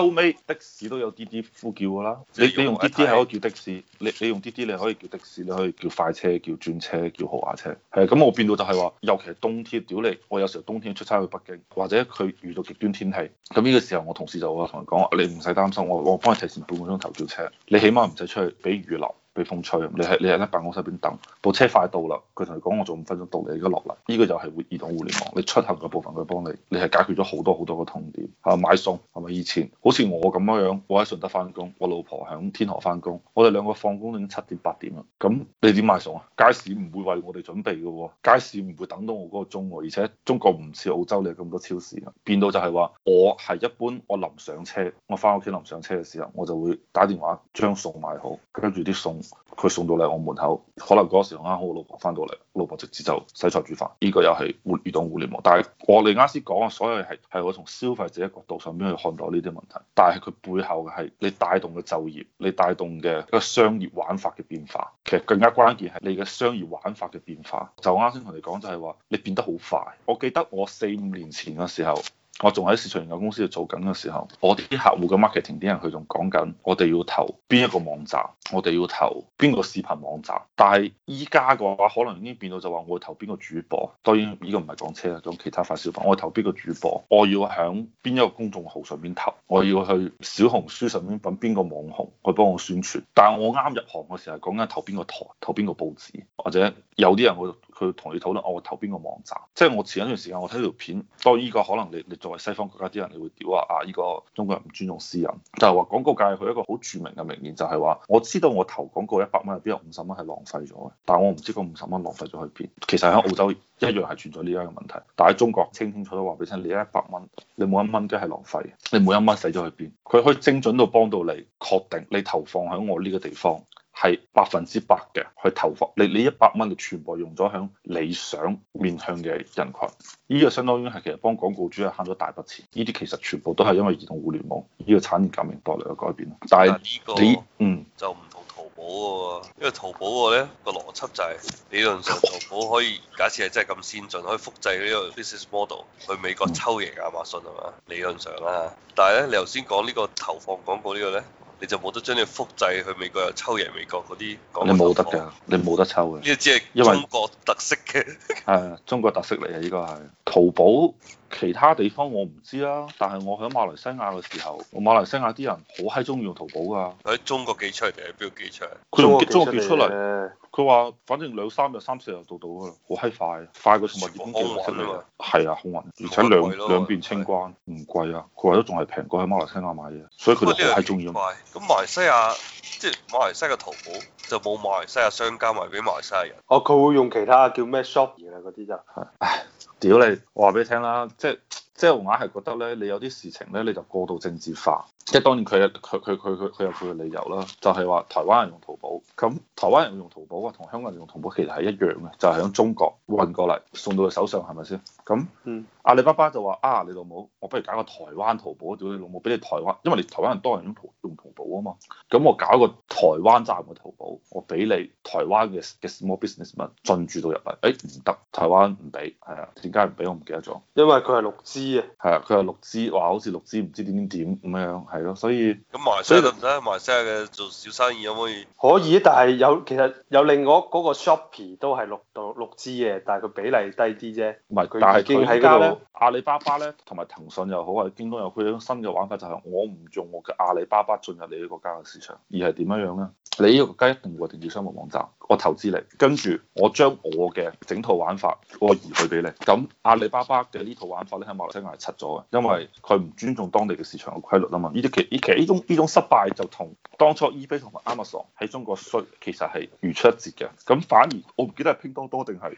後尾的士都有滴滴呼叫㗎啦。你你用滴滴係可以叫的士，你你用滴滴你可以叫的士，你可以叫快車、叫專車、叫豪華車。係咁我變到就係話，尤其係冬天，屌你，我有時候冬天出差去北京，或者佢遇到極端天氣，咁呢個時候我同事就我同佢講，你唔使擔心，我我幫你提前半個鐘頭叫車，你起碼唔使出去俾雨淋。被風吹，你喺你喺喺辦公室邊等，部車快到啦，佢同你講：我仲五分鐘到，你而家落嚟。呢、這個就係會移動互聯網，你出行嘅部分佢幫你，你係解決咗好多好多嘅痛點。嚇。買餸係咪以前好似我咁樣樣？我喺順德翻工，我老婆響天河翻工，我哋兩個放工都已經七點八點啦。咁你點買餸啊？街市唔會為我哋準備嘅喎，街市唔會等到我嗰個鐘喎，而且中國唔似澳洲你咁多超市啊。變到就係話，我係一般我臨上車，我翻屋企臨上車嘅時候，我就會打電話將餸買好，跟住啲餸。佢送到嚟我門口，可能嗰時候我啱好老婆翻到嚟，老婆直接就洗菜煮飯。呢、這個又係互互動互聯網。但係我哋啱先講嘅所有嘢係係我從消費者角度上邊去看待呢啲問題。但係佢背後嘅係你帶動嘅就業，你帶動嘅一個商業玩法嘅變化，其實更加關鍵係你嘅商業玩法嘅變化。就啱先同你講就係話，你變得好快。我記得我四五年前嘅時候。我仲喺市場研究公司度做緊嘅時候，我哋啲客戶嘅 marketing 啲人佢仲講緊，我哋要投邊一個網站，我哋要投邊個視頻網站。但係依家嘅話，可能已經變到就話我會投邊個主播。當然呢個唔係講車，講其他快消品。我會投邊個主播，我要喺邊一個公眾號上面投，我要去小紅書上面揾邊個網紅去幫我宣傳。但係我啱入行嘅時候講緊投邊個台，投邊個報紙，或者有啲人佢佢同你討論，我會投邊個網站。即係我前一段時間我睇條片，當依個可能你你做。西方國家啲人，你會屌啊！啊呢個中國人唔尊重私隱，就係話廣告界佢一個好著名嘅名言，就係話我知道我投廣告一百蚊，入邊有五十蚊係浪費咗嘅，但係我唔知嗰五十蚊浪費咗去邊。其實喺澳洲一樣係存在呢樣嘅問題，但係喺中國清清楚楚話俾你聽，你一百蚊你冇一蚊都係浪費，你每一蚊使咗去邊，佢可以精準到幫到你確定你投放喺我呢個地方。係百分之百嘅去投放，你你一百蚊就全部用咗響理想面向嘅人群，呢個相當於係其實幫廣告主係慳咗大筆錢，呢啲其實全部都係因為移動互聯網呢個產業革命帶來嘅改變。但係呢個你嗯就唔同淘寶喎，因為淘寶嘅個咧個邏輯就係理論上淘寶可以假設係真係咁先進，可以複製呢個 business model 去美國抽贏亞馬遜係嘛，理論上啦。但係咧你頭先講呢個投放廣告個呢個咧？你就冇得將你複製去美國，又抽贏美國嗰啲講。你冇得噶，你冇得抽嘅。呢啲只係中國特色嘅為。係啊， 中國特色嚟嘅。呢、呢個係淘寶。其他地方我唔知啦，啊，但係我喺馬來西亞嘅時候，我馬來西亞啲人好閪中意用淘寶噶。喺中國寄出嚟定喺邊度寄出嚟？佢話中，中國寄出嚟，佢話反正兩三日，三四日到到㗎啦，好閪快，快過從物業公出嚟啊！係啊，空運，而且兩兩邊清關，唔貴啊，佢話都仲係平過喺馬來西亞買嘢，所以佢哋好閪中意。咁馬來西亞即係、就係、馬來西亞淘寶。就冇馬來西亞商家賣俾馬來西亞人。哦、啊，佢會用其他叫咩 Shop 嚟嗰啲就係。唉，屌你！我話俾你聽啦，即係即係我硬係覺得咧，你有啲事情咧，你就過度政治化。即係當然佢佢佢佢佢有佢嘅理由啦，就係、是、話台灣人用淘寶，咁台灣人用淘寶啊，同香港人用淘寶其實係一樣嘅，就係、是、喺中國運過嚟送到佢手上係咪先？咁嗯。阿里巴巴就話啊，你老母，我不如搞個台灣淘寶，屌你老母俾你台灣，因為你台灣人當然用淘用淘寶啊嘛，咁我搞個台灣站嘅淘寶，我俾你台灣嘅嘅 small business 咪進駐到入嚟。誒唔得，台灣唔俾，係啊，點解唔俾我唔記得咗，因為佢係陸資啊，係啊，佢係陸資，話，好似陸資唔知點點點咁樣，係咯，所以咁埋，所以就唔使埋曬嘅做小生意可唔可以？可以，但係有其實有另外嗰個 Shopee 都係六度陸資嘅，但係佢比例低啲啫，唔係是，佢已經喺阿里巴巴咧，同埋騰訊又好，或者京東又好，佢有種新嘅玩法，就係我唔用我嘅阿里巴巴進入你嘅國家嘅市場，而係點樣樣咧？你要家一定個電子商務網站，我投資你，跟住我將我嘅整套玩法我移去俾你。咁阿里巴巴嘅呢套玩法咧，喺馬來西亞係闌咗嘅，因為佢唔尊重當地嘅市場嘅規律啊嘛。呢啲其其實呢種呢種失敗就同當初 eBay 同埋 Amazon 喺中國衰，其實係如出一轍嘅。咁反而我唔記得係拼多多定係。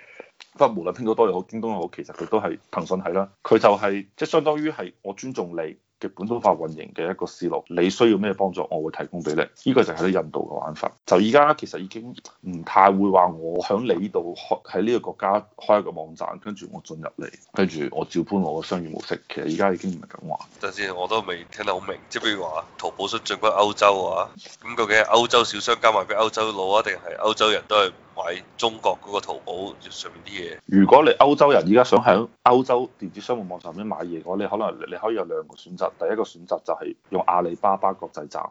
不無論拼多多又好，京東又好，其實佢都係騰訊係啦。佢就係、是、即相當於係我尊重你嘅本土化運營嘅一個思路。你需要咩幫助，我會提供俾你。呢、這個就係啲印度嘅玩法。就而家其實已經唔太會話我喺你度開喺呢個國家開一個網站，跟住我進入嚟，跟住我照搬我嘅商業模式。其實而家已經唔係咁話。等先，我都未聽得好明。即譬如話，淘寶想進軍歐洲啊？咁究竟係歐洲小商家賣俾歐洲佬啊，定係歐洲人都係？喺中國嗰個淘寶上面啲嘢。如果你歐洲人而家想喺歐洲電子商務網站上面買嘢嘅話，你可能你可以有兩個選擇。第一個選擇就係用阿里巴巴國際站，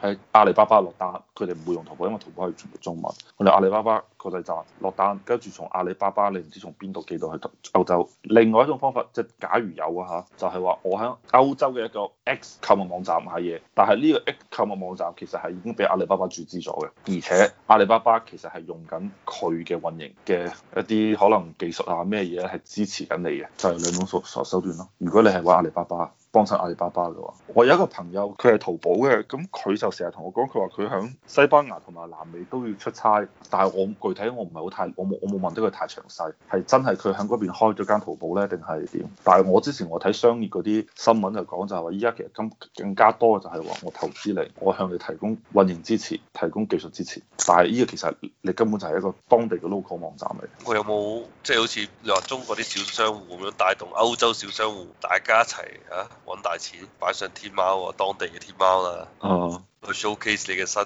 喺阿里巴巴落單，佢哋唔會用淘寶，因為淘寶係全部中文。我哋阿里巴巴國際站落單，跟住從阿里巴巴你唔知從邊度寄到去歐洲。另外一種方法，即係假如有啊嚇，就係話我喺歐洲嘅一個 X 購物網站買嘢，但係呢個 X 購物網站其實係已經俾阿里巴巴注資咗嘅，而且阿里巴巴其實係用緊。佢嘅運營嘅一啲可能技術啊咩嘢咧，係支持緊你嘅，就係、是、兩種手手段咯。如果你係話阿里巴巴。幫襯阿里巴巴嘅話，我有一個朋友，佢係淘寶嘅，咁佢就成日同我講，佢話佢響西班牙同埋南美都要出差，但係我具體我唔係好太，我冇我冇問得佢太詳細，係真係佢響嗰邊開咗間淘寶呢？定係點？但係我之前我睇商業嗰啲新聞就講就係話，依家其實咁更加多嘅就係話，我投資你，我向你提供運營支持，提供技術支持，但係呢個其實你根本就係一個當地嘅 local 網站嚟。佢有冇即係好似你話中國啲小商戶會帶動歐洲小商戶、啊，大家一齊嚇？揾大錢擺上天貓喎，當地嘅天貓啊，去 showcase 你嘅新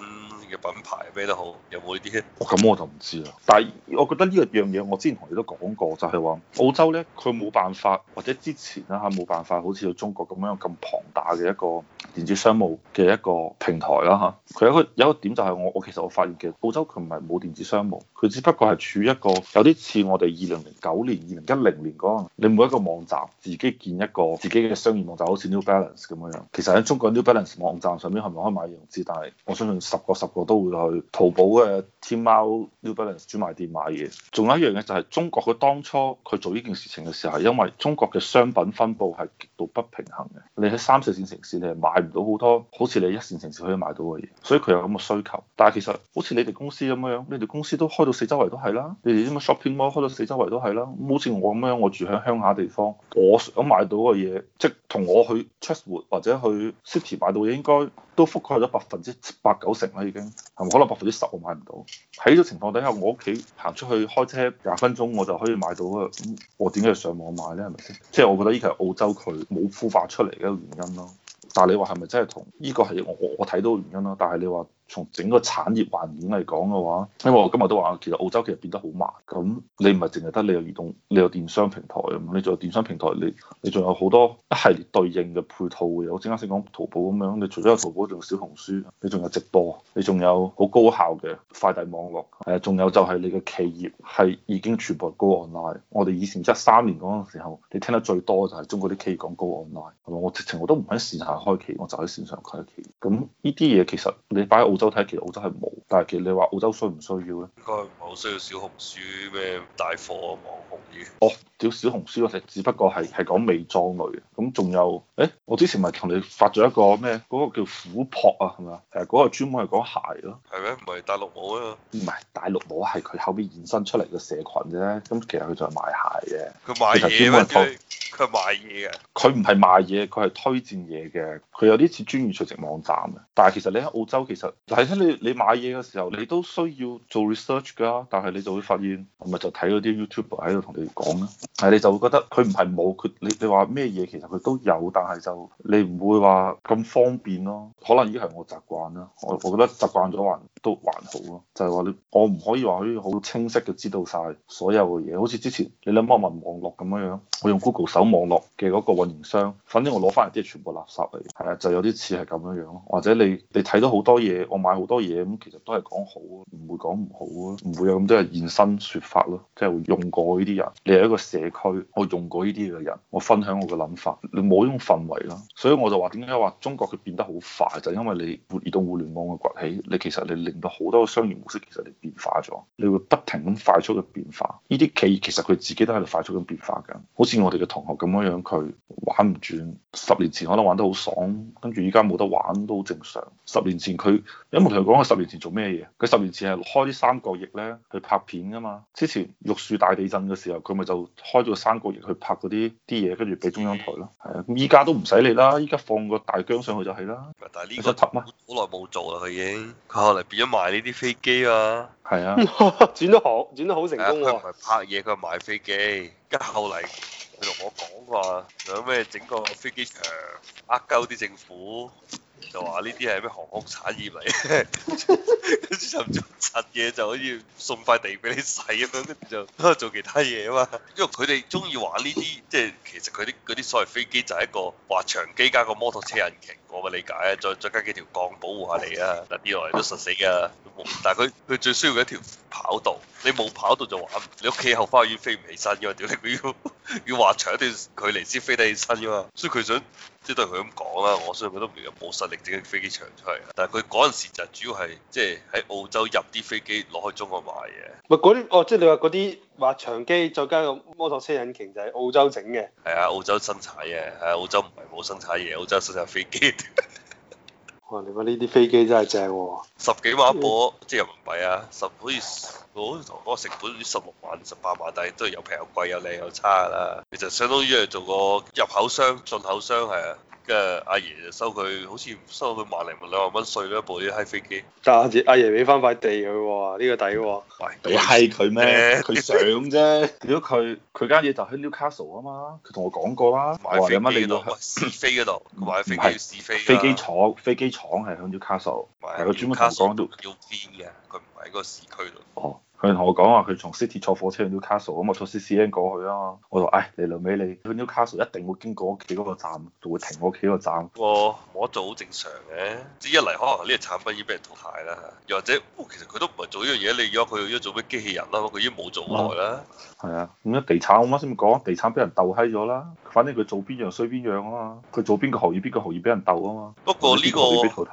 嘅品牌咩都好，有冇呢啲？咁、哦、我就唔知啦。但係我覺得呢個樣嘢，我之前同你都講過，就係話澳洲咧，佢冇辦法，或者之前啦嚇冇辦法，好似中國咁樣咁龐大嘅一個電子商務嘅一個平台啦嚇，佢有個有一個點就係我我其實我發現嘅澳洲佢唔係冇電子商務，佢只不過係處於一個有啲似我哋二零零九年、二零一零年嗰陣，你每一個網站自己建一個自己嘅商業網站，好似 New Balance 咁樣樣。其實喺中國 New Balance 網站上面係咪可以買樣子？但係我相信十個十個都會去淘寶嘅天貓 New Balance 專賣店買嘢。仲有一樣嘢就係中國佢當初佢做呢件事情嘅時候，係因為中國嘅商品分布係極度不平衡嘅，你喺三四線城市你係買唔到好多，好似你一線城市可以買到嘅嘢，所以佢有咁嘅需求。但係其實好似你哋公司咁樣，你哋公司都開到四周圍都係啦，你哋啲咁 shopping mall 開到四周圍都係啦。好似我咁樣，我住喺鄉下地方，我想買到嘅嘢，即係同我去 Chatswood 或者去 City 買到嘢，應該都覆蓋咗百分之八九成啦，已經係咪？可能百分之十我買唔到。喺呢個情況底下，我屋企行出去開車廿分鐘，我就可以買到嘅。我點解要上網買咧？係咪先？即係我覺得呢個係澳洲佢冇孵化出嚟嘅一個原因咯。但係你話係咪真係同呢個係我我睇到嘅原因啦？但係你話。從整個產業環境嚟講嘅話，因為我今日都話，其實澳洲其實變得好慢。咁你唔係淨係得你有移動，你有電商平台咁，你仲有電商平台，你你仲有好多一系列對應嘅配套。嘅。我陣間先講淘寶咁樣，你除咗有淘寶，仲有小紅書，你仲有直播，你仲有好高效嘅快遞網絡。誒，仲有就係你嘅企業係已經全部高 online。我哋以前一三年嗰陣時候，你聽得最多就係中國啲企業講高 online 係我直情我都唔喺線下開企，我就喺線上開企。咁呢啲嘢其實你擺澳洲睇，其實澳洲係冇，但係其實你話澳洲需唔需要咧？應該唔係好需要小紅書咩大貨啊冇。哦，屌小紅書嗰隻，只不過係係講美妝類嘅，咁仲有，誒、欸，我之前咪同你發咗一個咩？嗰、那個叫虎撲啊，係咪啊？誒，嗰個專門係講鞋咯、啊，係咩？唔係大陸冇啊？唔係大陸冇，係佢後面衍生出嚟嘅社群啫。咁其實佢就係賣鞋嘅。佢賣嘢咩？佢佢賣嘢嘅。佢唔係賣嘢，佢係推薦嘢嘅。佢有啲似專業垂直網站嘅。但係其實你喺澳洲，其實係啊，你你買嘢嘅時候，你都需要做 research 㗎、啊。但係你就會發現，我咪就睇嗰啲 YouTuber 喺度同你。嚟講咧，係你，你就會覺得佢唔係冇佢，你你話咩嘢其實佢都有，但係就你唔會話咁方便咯。可能已經係我習慣啦，我我覺得習慣咗還都還好咯。就係話你我唔可以話可以好清晰嘅知道晒所有嘅嘢，好似之前你諗下問網絡咁樣樣，我用 Google 搜網絡嘅嗰個運營商，反正我攞翻嚟啲係全部垃圾嚟。係啊，就有啲似係咁樣樣咯。或者你你睇到好多嘢，我買好多嘢咁，其實都係講好啊，唔會講唔好啊，唔會有咁多係現身説法咯，即係會用過呢啲人。你係一個社區，我用過呢啲嘅人，我分享我嘅諗法，你冇呢種氛圍啦，所以我就話點解話中國佢變得好快，就係因為你移動互聯網嘅崛起，你其實你令到好多商業模式其實你變化咗，你會不停咁快速嘅變化，呢啲企業其實佢自己都喺度快速咁變化㗎，好似我哋嘅同學咁樣樣，佢玩唔轉，十年前可能玩得好爽，跟住依家冇得玩都好正常。十年前佢有冇同佢講過？佢十年前做咩嘢？佢十年前係開三角翼咧去拍片㗎嘛。之前玉樹大地震嘅時候。佢咪就開咗三個月去拍嗰啲啲嘢，跟住俾中央台咯。係啊，咁依家都唔使你啦，依家放個大疆上去就係啦。但係呢個塔嘛，好耐冇做啦，佢已經。佢後嚟變咗賣呢啲飛機啊。係啊的，的轉得好，轉得好成功啊。佢唔係拍嘢，佢賣飛機。後跟後嚟佢同我講話，想咩整個飛機場，呃鳩啲政府。就話呢啲係咩航空產業嚟，跟住就唔做實嘢，就可以送塊地俾你使咁樣，跟住就做其他嘢啊嘛。 因為佢哋中意玩呢啲，即係其實佢啲啲所謂飛機就係一個滑翔機加個摩托車引擎。我嘅理解，啊，再再加幾條鋼保護下你啊！嗱，跌落嚟都實死噶，但係佢佢最需要嘅一條跑道，你冇跑道就玩，你屋企後花園飛唔起身噶嘛？屌你，要要滑長一段距離先飛得起身噶嘛？所以佢想，即係對佢咁講啦。我相信佢都唔冇實力整飛機場出去。但係佢嗰陣時就主要係即係喺澳洲入啲飛機攞去中國賣嘅。咪嗰啲哦，即係你話嗰啲。滑翔機再加個摩托車引擎就係澳洲整嘅，係啊澳洲生產嘅，係啊澳洲唔係冇生產嘢，澳洲生產飛機。 哇！你話呢啲飛機真係正喎，十幾萬噃， 即係人民幣啊，十好似我好似講個成本十六萬十八萬，但係都係又平又貴又靚又差啦。其實相當於係做個入口商、進口商係啊。跟住阿爺就收佢，好似收佢萬零蚊、兩萬蚊稅咯，部啲喺 i g h 飛機。但阿爺阿爺俾翻塊地佢喎，呢個底喎。怪你係佢咩？佢想啫。 如果佢佢間嘢就喺 Newcastle 啊嘛，佢同我講過啦。賣飛機喺度，市飛嗰度。唔係飛機廠，飛機廠係喺 Newcastle，係個專門廠度。要邊嘅，佢唔喺個市區度。哦。佢同我講話，佢從 City 坐火車去 Newcastle，咁我坐 C C N 過去啊。我話，唉，你兩尾你去 Newcastle，一定會經過屋企嗰個站，就會停我屋企個站。我冇得做，好正常嘅。即一嚟可能呢個產品已經俾人淘汰啦，又或者、哦、其實佢都唔係做呢樣嘢。你如果佢要做咩機器人啦？佢已經冇做耐啦。係啊，咁一、啊、地產我啱先講？地產俾人鬥閪咗啦。反正佢做邊樣衰邊樣啊嘛。佢做邊個行業邊個行業俾人鬥啊嘛。不過呢、呢個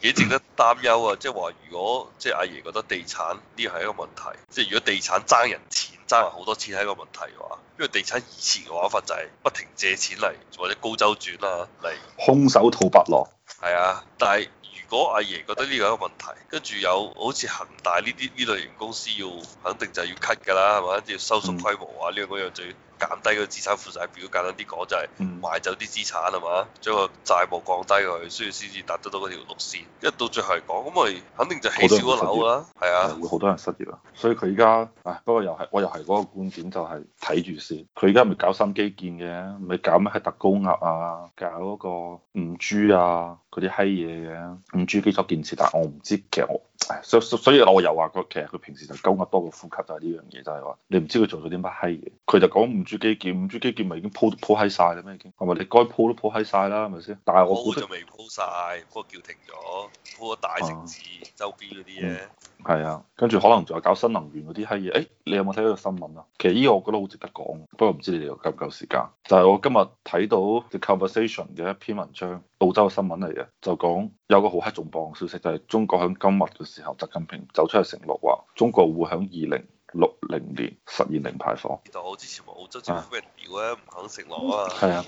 幾值得。 擔憂啊，即係話如果即係、就是、阿爺覺得地產呢個係一個問題，即、就、係、是、如果地產爭人錢爭人好多錢係一個問題嘅話，因為地產以前嘅玩法就係不停借錢嚟或者高週轉啊嚟，空手套白狼。係啊，但係如果阿爺覺得呢個一個問題，跟住有好似恒大呢啲呢類型公司要肯定就要 cut 㗎啦，係嘛？要、就是、收縮規模啊，呢、嗯、樣嗰樣就要。減低個資產負債表，簡單啲講就係賣走啲資產啊嘛，將個、嗯、債務降低佢，所以先至達得到嗰條綠線。一到最後嚟講，咁咪肯定就起少個樓啦，係啊，會好多人失業啊。所以佢而家啊，不過又係我又係嗰個觀點就，就係睇住先。佢而家咪搞新基建嘅，咪搞咩係特高壓啊，搞嗰個五 G 啊，嗰啲閪嘢嘅五 G 基礎建設。但係我唔知，其實我。所所以我又話佢，其實佢平時就鳩噏多過呼吸就係呢樣嘢，就係、是、話你唔知佢做咗啲乜閪嘢。佢就講五 G 基建，五 G 基建咪已經鋪鋪喺曬啦咩？已經係咪？是是你該鋪都鋪喺晒啦，係咪先？但我鋪就未鋪晒，不過叫停咗，鋪大城市、啊、周邊嗰啲嘢。係、嗯、啊，跟住可能仲有搞新能源嗰啲閪嘢。誒、欸，你有冇睇到個新聞啊？其實呢個我覺得好值得講，不過唔知你哋夠唔夠時間。就係、是、我今日睇到 The Conversation 嘅一篇文章。澳洲新聞嚟嘅，就講有個好黑重磅消息，就係、是、中國喺今日嘅時候，習近平走出去承諾話，中國會喺二零六零年實現零排放。其實我之前話澳洲政府人屌咧，唔肯承諾啊。係啊，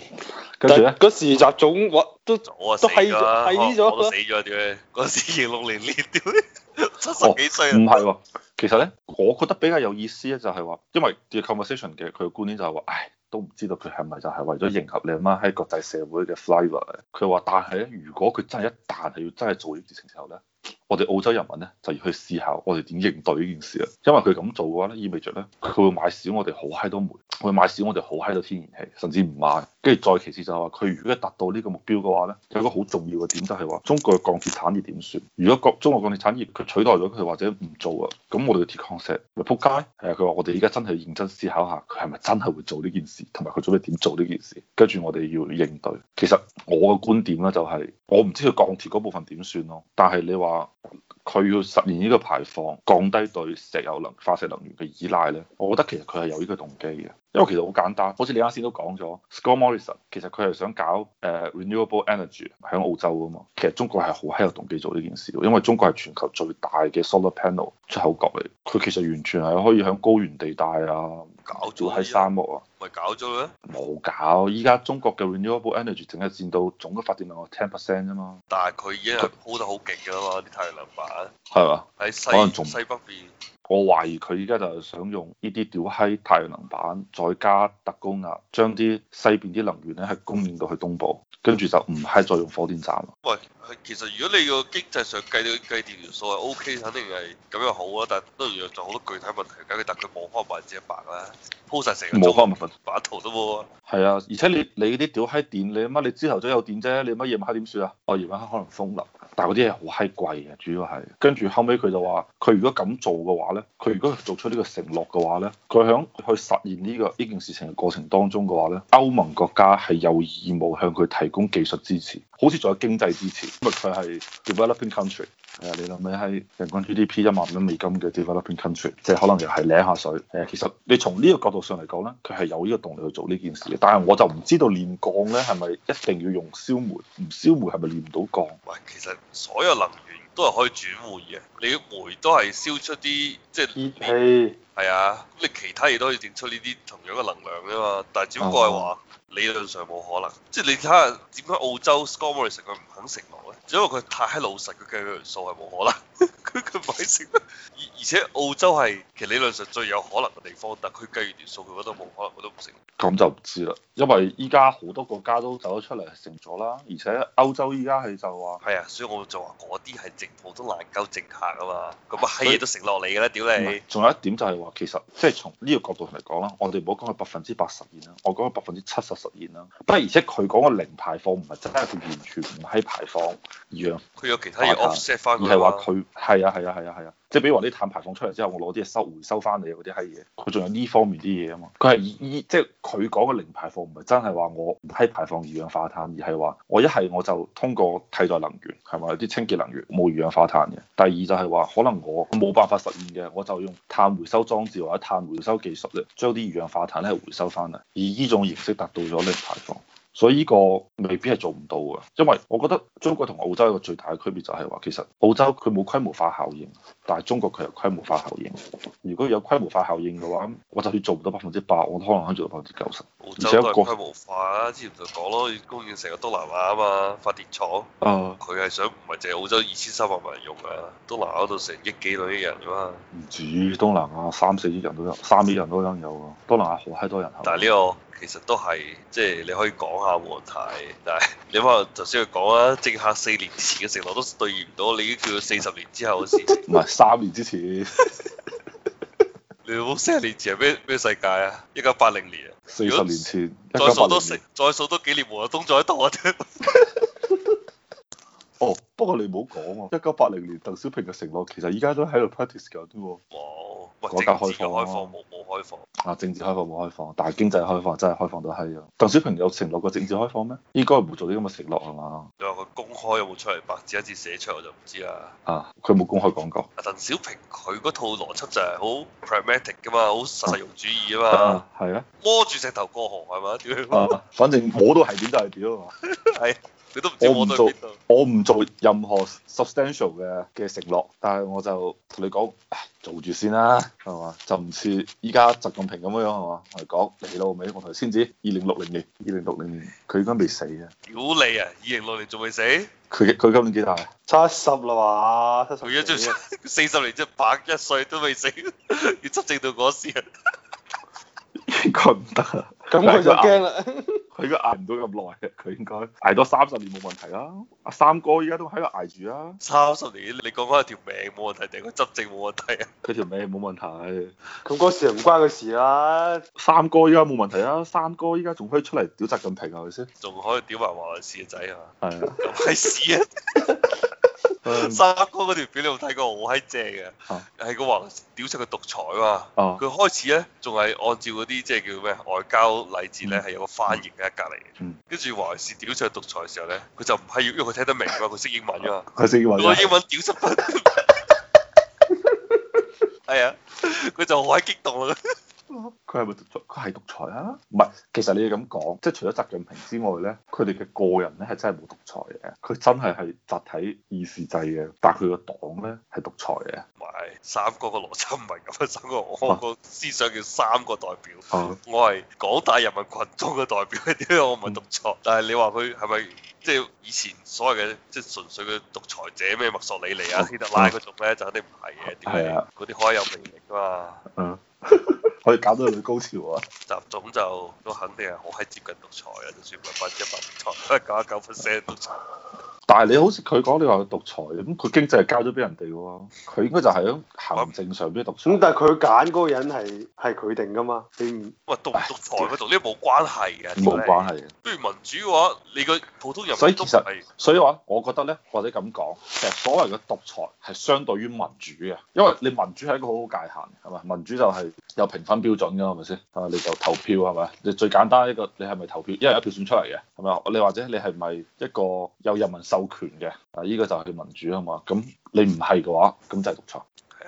跟住咧嗰時習總話都都閪閪咗，死咗點解？嗰時二六零年屌七十幾歲唔係喎。其實咧，我覺得比較有意思咧，就係話，因為啲 conversation 嘅佢嘅觀點就係話，唉。都唔知道佢係咪就係為咗迎合你阿媽喺國際社會嘅 flavour 佢話：但係咧，如果佢真係一旦係要真係做呢啲事情時候咧，我哋澳洲人民咧就要去思考我哋點應對呢件事啦。因為佢咁做嘅話咧，意味着咧佢會買少我哋好嗨多煤，會買少我哋好嗨到天然氣，甚至唔買。跟住再其次就係話，佢如果達到呢個目標嘅話咧，有一個好重要嘅點就係話，中國嘅鋼鐵產業點算？如果中國鋼鐵產業佢取代咗佢或者唔做啊，咁我哋嘅鐵礦石咪撲街？係啊，佢話我哋而家真係要認真思考下，佢係咪真係會做呢件事？同埋佢準備點做呢件事，跟住我哋要應對。其實我嘅觀點咧、就是，就係我唔知佢鋼鐵嗰部分點算咯。但係你話佢要實現呢個排放降低對石油能，化石能源嘅依賴咧，我覺得其實佢係有呢個動機嘅。因為其實好簡單，好似你啱先都講咗，Scott Morrison，其實佢係想搞誒 renewable energy 喺澳洲啊嘛。其實中國係好有動機做呢件事，因為中國係全球最大嘅 solar panel 出口國嚟。佢其實完全係可以喺高原地帶啊，搞咗喺沙漠啊，咪搞咗咩？冇搞，依家中國嘅 renewable energy 淨係佔到總嘅發電量10 percent 啫嘛。但係佢已經係鋪得好勁嘅啦嘛，啲太陽能板。係嘛？喺吧西可能西北邊。我懷疑佢依家就係想用呢啲屌閪太陽能板，再加特高壓，將啲西邊啲能源咧係供應到去東部，跟住就唔係再用火電站。喂，其實如果你要經濟上計到計電源數係 O K，肯定係咁樣好啊。但當然要做好多具體問題，梗佢特區冇方物之百百分之一百啦，鋪晒成個中百分之一百，版圖都冇。係啊，而且你你啲屌閪電，你乜你之後都有電啫，你乜夜晚黑點算啊？哦，夜晚黑可能風能，但係嗰啲嘢好閪貴啊。主要係。跟住後尾，佢就話，佢如果咁做嘅話咧。佢如果做出呢個承諾嘅話咧，佢響去實現呢、呢個呢件、呢個、事情嘅過程當中嘅話咧，歐盟國家係有義務向佢提供技術支持，好似仲有經濟支持，因為佢係 developing country，係、啊、你諗你喺人均 GDP 一萬蚊美金嘅 developing country，即係可能又係舐下水。誒、啊，其實你從呢個角度上嚟講咧，佢係有呢個動力去做呢件事嘅，但係我就唔知道煉鋼咧係咪一定要用燒煤，唔燒煤係咪煉唔到鋼？喂，其實所有能源。都係可以轉換嘅，你嘅煤都係燒出啲即係熱氣。係啊，你其他嘢都可以定出呢啲同樣嘅能量啫嘛，但係只不過係話理論上冇可能，嗯、即係你睇下點解澳洲 Scott Morrison 佢唔肯承諾咧？只因為佢太老實，佢計完數係冇可能，佢唔係承諾。而而且澳洲係其實理論上最有可能嘅地方，但佢計完數佢覺得冇可能，佢都唔承諾。咁就唔知啦，因為依家好多國家都走咗出嚟承咗啦，而且歐洲依家係就話係啊，所以我就話嗰啲係政府都難夠整下噶嘛，咁啊閪嘢都承諾你嘅啦，屌你！仲有一點，點就係、是。話其實即係從呢個角度嚟講啦，我哋唔好講佢百分之八十實現啦，我講係百分之七十實現啦。不過而且佢講個零排放唔係真係，佢完全唔喺排放樣而樣，佢有其他嘢 offset 翻，而係話佢係啊，係啊，係啊，係啊。即係比如話啲碳排放出嚟之後，我攞啲嘢收回收翻嚟啊！嗰啲係嘢，佢仲有呢方面啲嘢啊嘛。佢係以——即係佢講嘅零排放，唔係真係話我唔係排放二氧化碳，而係話我一係我就通過替代能源係咪有啲清潔能源冇二氧化碳嘅。第二就係話可能我冇辦法實現嘅，我就用碳回收裝置或者碳回收技術咧，將啲二氧化碳咧回收翻嚟，以呢種形式達到咗零排放。所以呢個未必係做唔到嘅，因為我覺得中國同澳洲一個最大嘅區別就係話，其實澳洲佢冇規模化效應。但係中國佢有規模化效應，如果有規模化效應嘅話，我就算做唔到百分之百，我都可能可以做到百分之九十。澳洲都係規模化啊，之前就講咯，供應成個東南亞啊嘛，發電廠，佢係、啊、想唔係淨係澳洲二千三百萬人用啊，東南亞都成億幾兩億人㗎嘛。唔止東南亞，三四億人都有，三億人都有有㗎。東南亞好閪多人口。但係呢個其實都係即係你可以講下和泰，但係你可能頭先佢講啊，政客四年前嘅承諾都兌現唔到，你已經叫佢四十年之後嘅事情。 三年之前， 你好，四十年前係咩咩世界啊？一九八零年啊，四十年前，再數多再數多幾年胡阿東在喺度啊！哦，不過你唔好講啊！一九八零年鄧小平嘅承諾，其實依家都喺度 practice 緊都冇講。Wow. 國家開放冇冇開放啊！政治開放冇開、啊、開、開放，但係經濟開放真係開放到閪咗。鄧小平有承諾過政治開放咩？應該唔會做啲咁嘅承諾係嘛？你話佢公開有冇出嚟白紙一紙寫出我就唔知啊。啊，佢冇公開講過。啊，鄧小平佢嗰套邏輯就係好 pragmatic 㗎嘛，好實、實用主義啊嘛。係啊。摸住石頭過河係咪？點樣？ 啊，反正我都係點都係點啊嘛。係。 你都我唔做，我唔做任何 substantial 嘅嘅承諾，但係我就同你講，做住先啦，係嘛？就唔似依家習近平咁樣樣，係嘛？你老味，我頭先至，二零六零年，二零六零年，佢依家未死啊！屌你啊！二零六年仲未死？佢，佢今年幾大？七十啦嘛，七十，一最四十年即係百一歲都未死， 要執政到嗰時啊！應該唔得啊！咁佢就驚啦，佢而家挨唔到咁耐啊！佢應該挨多三十年冇問題啦。阿三哥而家都喺度挨住啊！三十年，你講翻係條命冇問題定係佢執政冇問題啊？佢條命冇問題，咁嗰 時唔關佢事啦。三哥而家冇問題啦，三哥而家仲可以出嚟屌習近平係、啊、咪先？仲可以屌埋華萊士嘅仔啊？係啊，咁係屎啊！ 三哥嗰條片你有睇過？好閪正嘅，係個華屌出嘅獨裁嘛。佢開始咧仲係按照嗰啲即係叫咩外交禮節咧，係有個翻譯喺隔籬。嗯，跟住華氏屌出個獨裁嘅時候咧，佢就唔係要因為佢聽得明啊，佢識英文啊嘛。佢識英文，個英文屌出笨。係啊，佢就好閪激動啊。佢係咪獨裁？佢係獨裁啊？唔係，其實你要咁講，即係除咗習近平之外咧，佢哋嘅個人咧係真係冇獨裁嘅，佢真係係集體議事制嘅。但係佢個黨咧係獨裁嘅。唔係，三個嘅邏輯唔係咁啊！三個我個思想叫三個代表，我係廣大人民群眾嘅代表，點解我唔係獨裁。但係你話佢係咪即係以前所謂嘅即係純粹嘅獨裁者咩？墨索里尼啊、希特拉嗰種咧就肯定唔係嘅。係啊，嗰啲可以有魅力噶嘛。嗯。可以搞到佢有高潮啊！習總就都肯定係好喺接近獨裁啊，就算唔係百分之一百，都係九十九 percent 獨裁。但係你好似佢講你話佢獨裁咁，佢經濟係交咗俾人哋喎，佢應該就係咯行政上邊獨裁。咁、嗯、但係佢揀嗰個人係係佢定㗎嘛？你唔喂獨獨裁，佢同呢冇關係嘅，冇呀是關係。嘅。如民主嘅話，你個普通人民都其實，所以話我覺得咧，或者咁講，其實所謂嘅獨裁係相對於民主嘅，因為你民主係一個好好界限，係咪？民主就係有平很標準嘅係咪先？啊，你就投票係咪？你最簡單一個？你係咪投票？一人一票選出嚟嘅係咪？你或者你係咪一個有人民授權嘅？啊，依個就係民主啊嘛。咁你唔係嘅話，咁就係獨裁。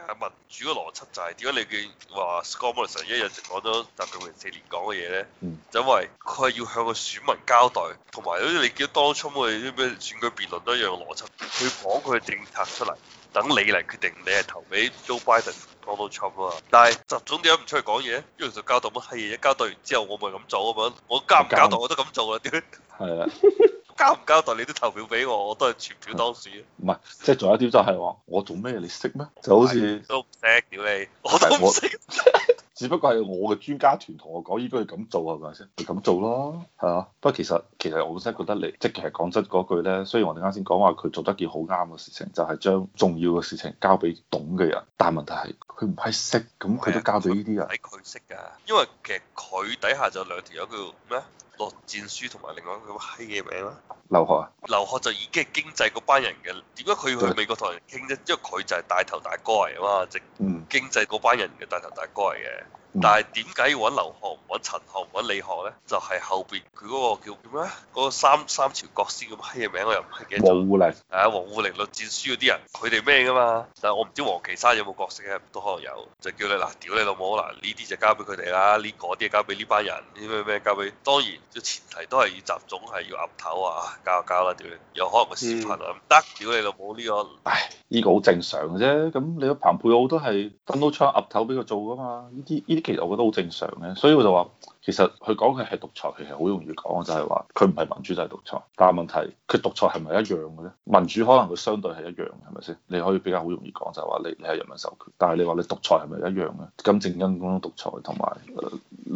係民主嘅邏輯就係點解你見話 Scott Morrison 一日就講咗習近平四年講嘅嘢咧？就、嗯、因為佢係要向個選民交代，同埋好似你見到當初我哋啲咩選舉辯論都一樣嘅邏輯，佢講佢嘅政策出嚟，等你嚟決定你係投俾 Joe Biden 定 Trump 啊！但係習總點解唔出去講嘢？因為就交代乜閪嘢，一交代完之後我咪咁做啊嘛！我交唔交代我都咁做啊，點！係啊是的。 交唔交代你啲投票俾我，我都係全票當選。唔係，即係仲有一啲就係話，我做咩你識咩？就好似都唔識屌你，我都唔識。我 只不過係我嘅專家團同我講應該係咁做，係咪先？咁做咯，係嘛？不過其實其實我真係覺得你，即係其實講真嗰句咧。雖然我哋啱先講話佢做得幾好啱嘅事情，就係、是、將重要嘅事情交俾懂嘅人。但係問題係佢唔係識，咁佢都交俾呢啲人。係佢、啊、識㗎，因為其實佢底下就有兩條友叫咩？個戰書同埋另外一個閪嘅名啦，劉鶴啊，劉鶴就已經係經濟嗰班人嘅，點解佢要去美國同人傾啫？因為佢就係帶頭大哥嚟啊嘛，即、就是、經濟嗰班人嘅帶頭大哥嚟嘅。但係點解要揾劉鶴唔揾陳鶴唔揾李鶴咧？就係、是、後邊佢嗰個叫咩？啊？嗰個三三朝國師咁閪嘅名我又唔係幾清楚。王滬寧係啊，王滬寧《栗戰書》嗰啲人，佢哋咩噶嘛？但係我唔知王岐山有冇角色嘅，都可能有，就叫你嗱，屌你老母嗱，呢啲就交俾佢哋啦，呢個啲交俾呢班人，啲咩咩交俾。當然，前提都係要習總，係要岌頭啊，交交啦，點樣可能個視頻啊唔得，屌你老母呢、這個，唉，呢、這個好正常嘅啫。咁你那個彭佩奧都係 Donald Trump 岌頭俾佢做噶嘛？呢啲呢啲。其實我覺得好正常嘅，所以我就話其實佢講佢係獨裁，其實好容易講，就係話佢唔係民主就係獨裁。但係問題佢獨裁係咪一樣嘅咧？民主可能佢相對係一樣，係咪先？你可以比較好容易講，就係話你你係人民授權，但係你話你獨裁係咪一樣嘅？金正恩嗰種獨裁同埋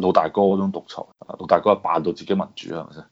老大哥嗰種獨裁，老大哥係扮到自己民主是是，係咪先？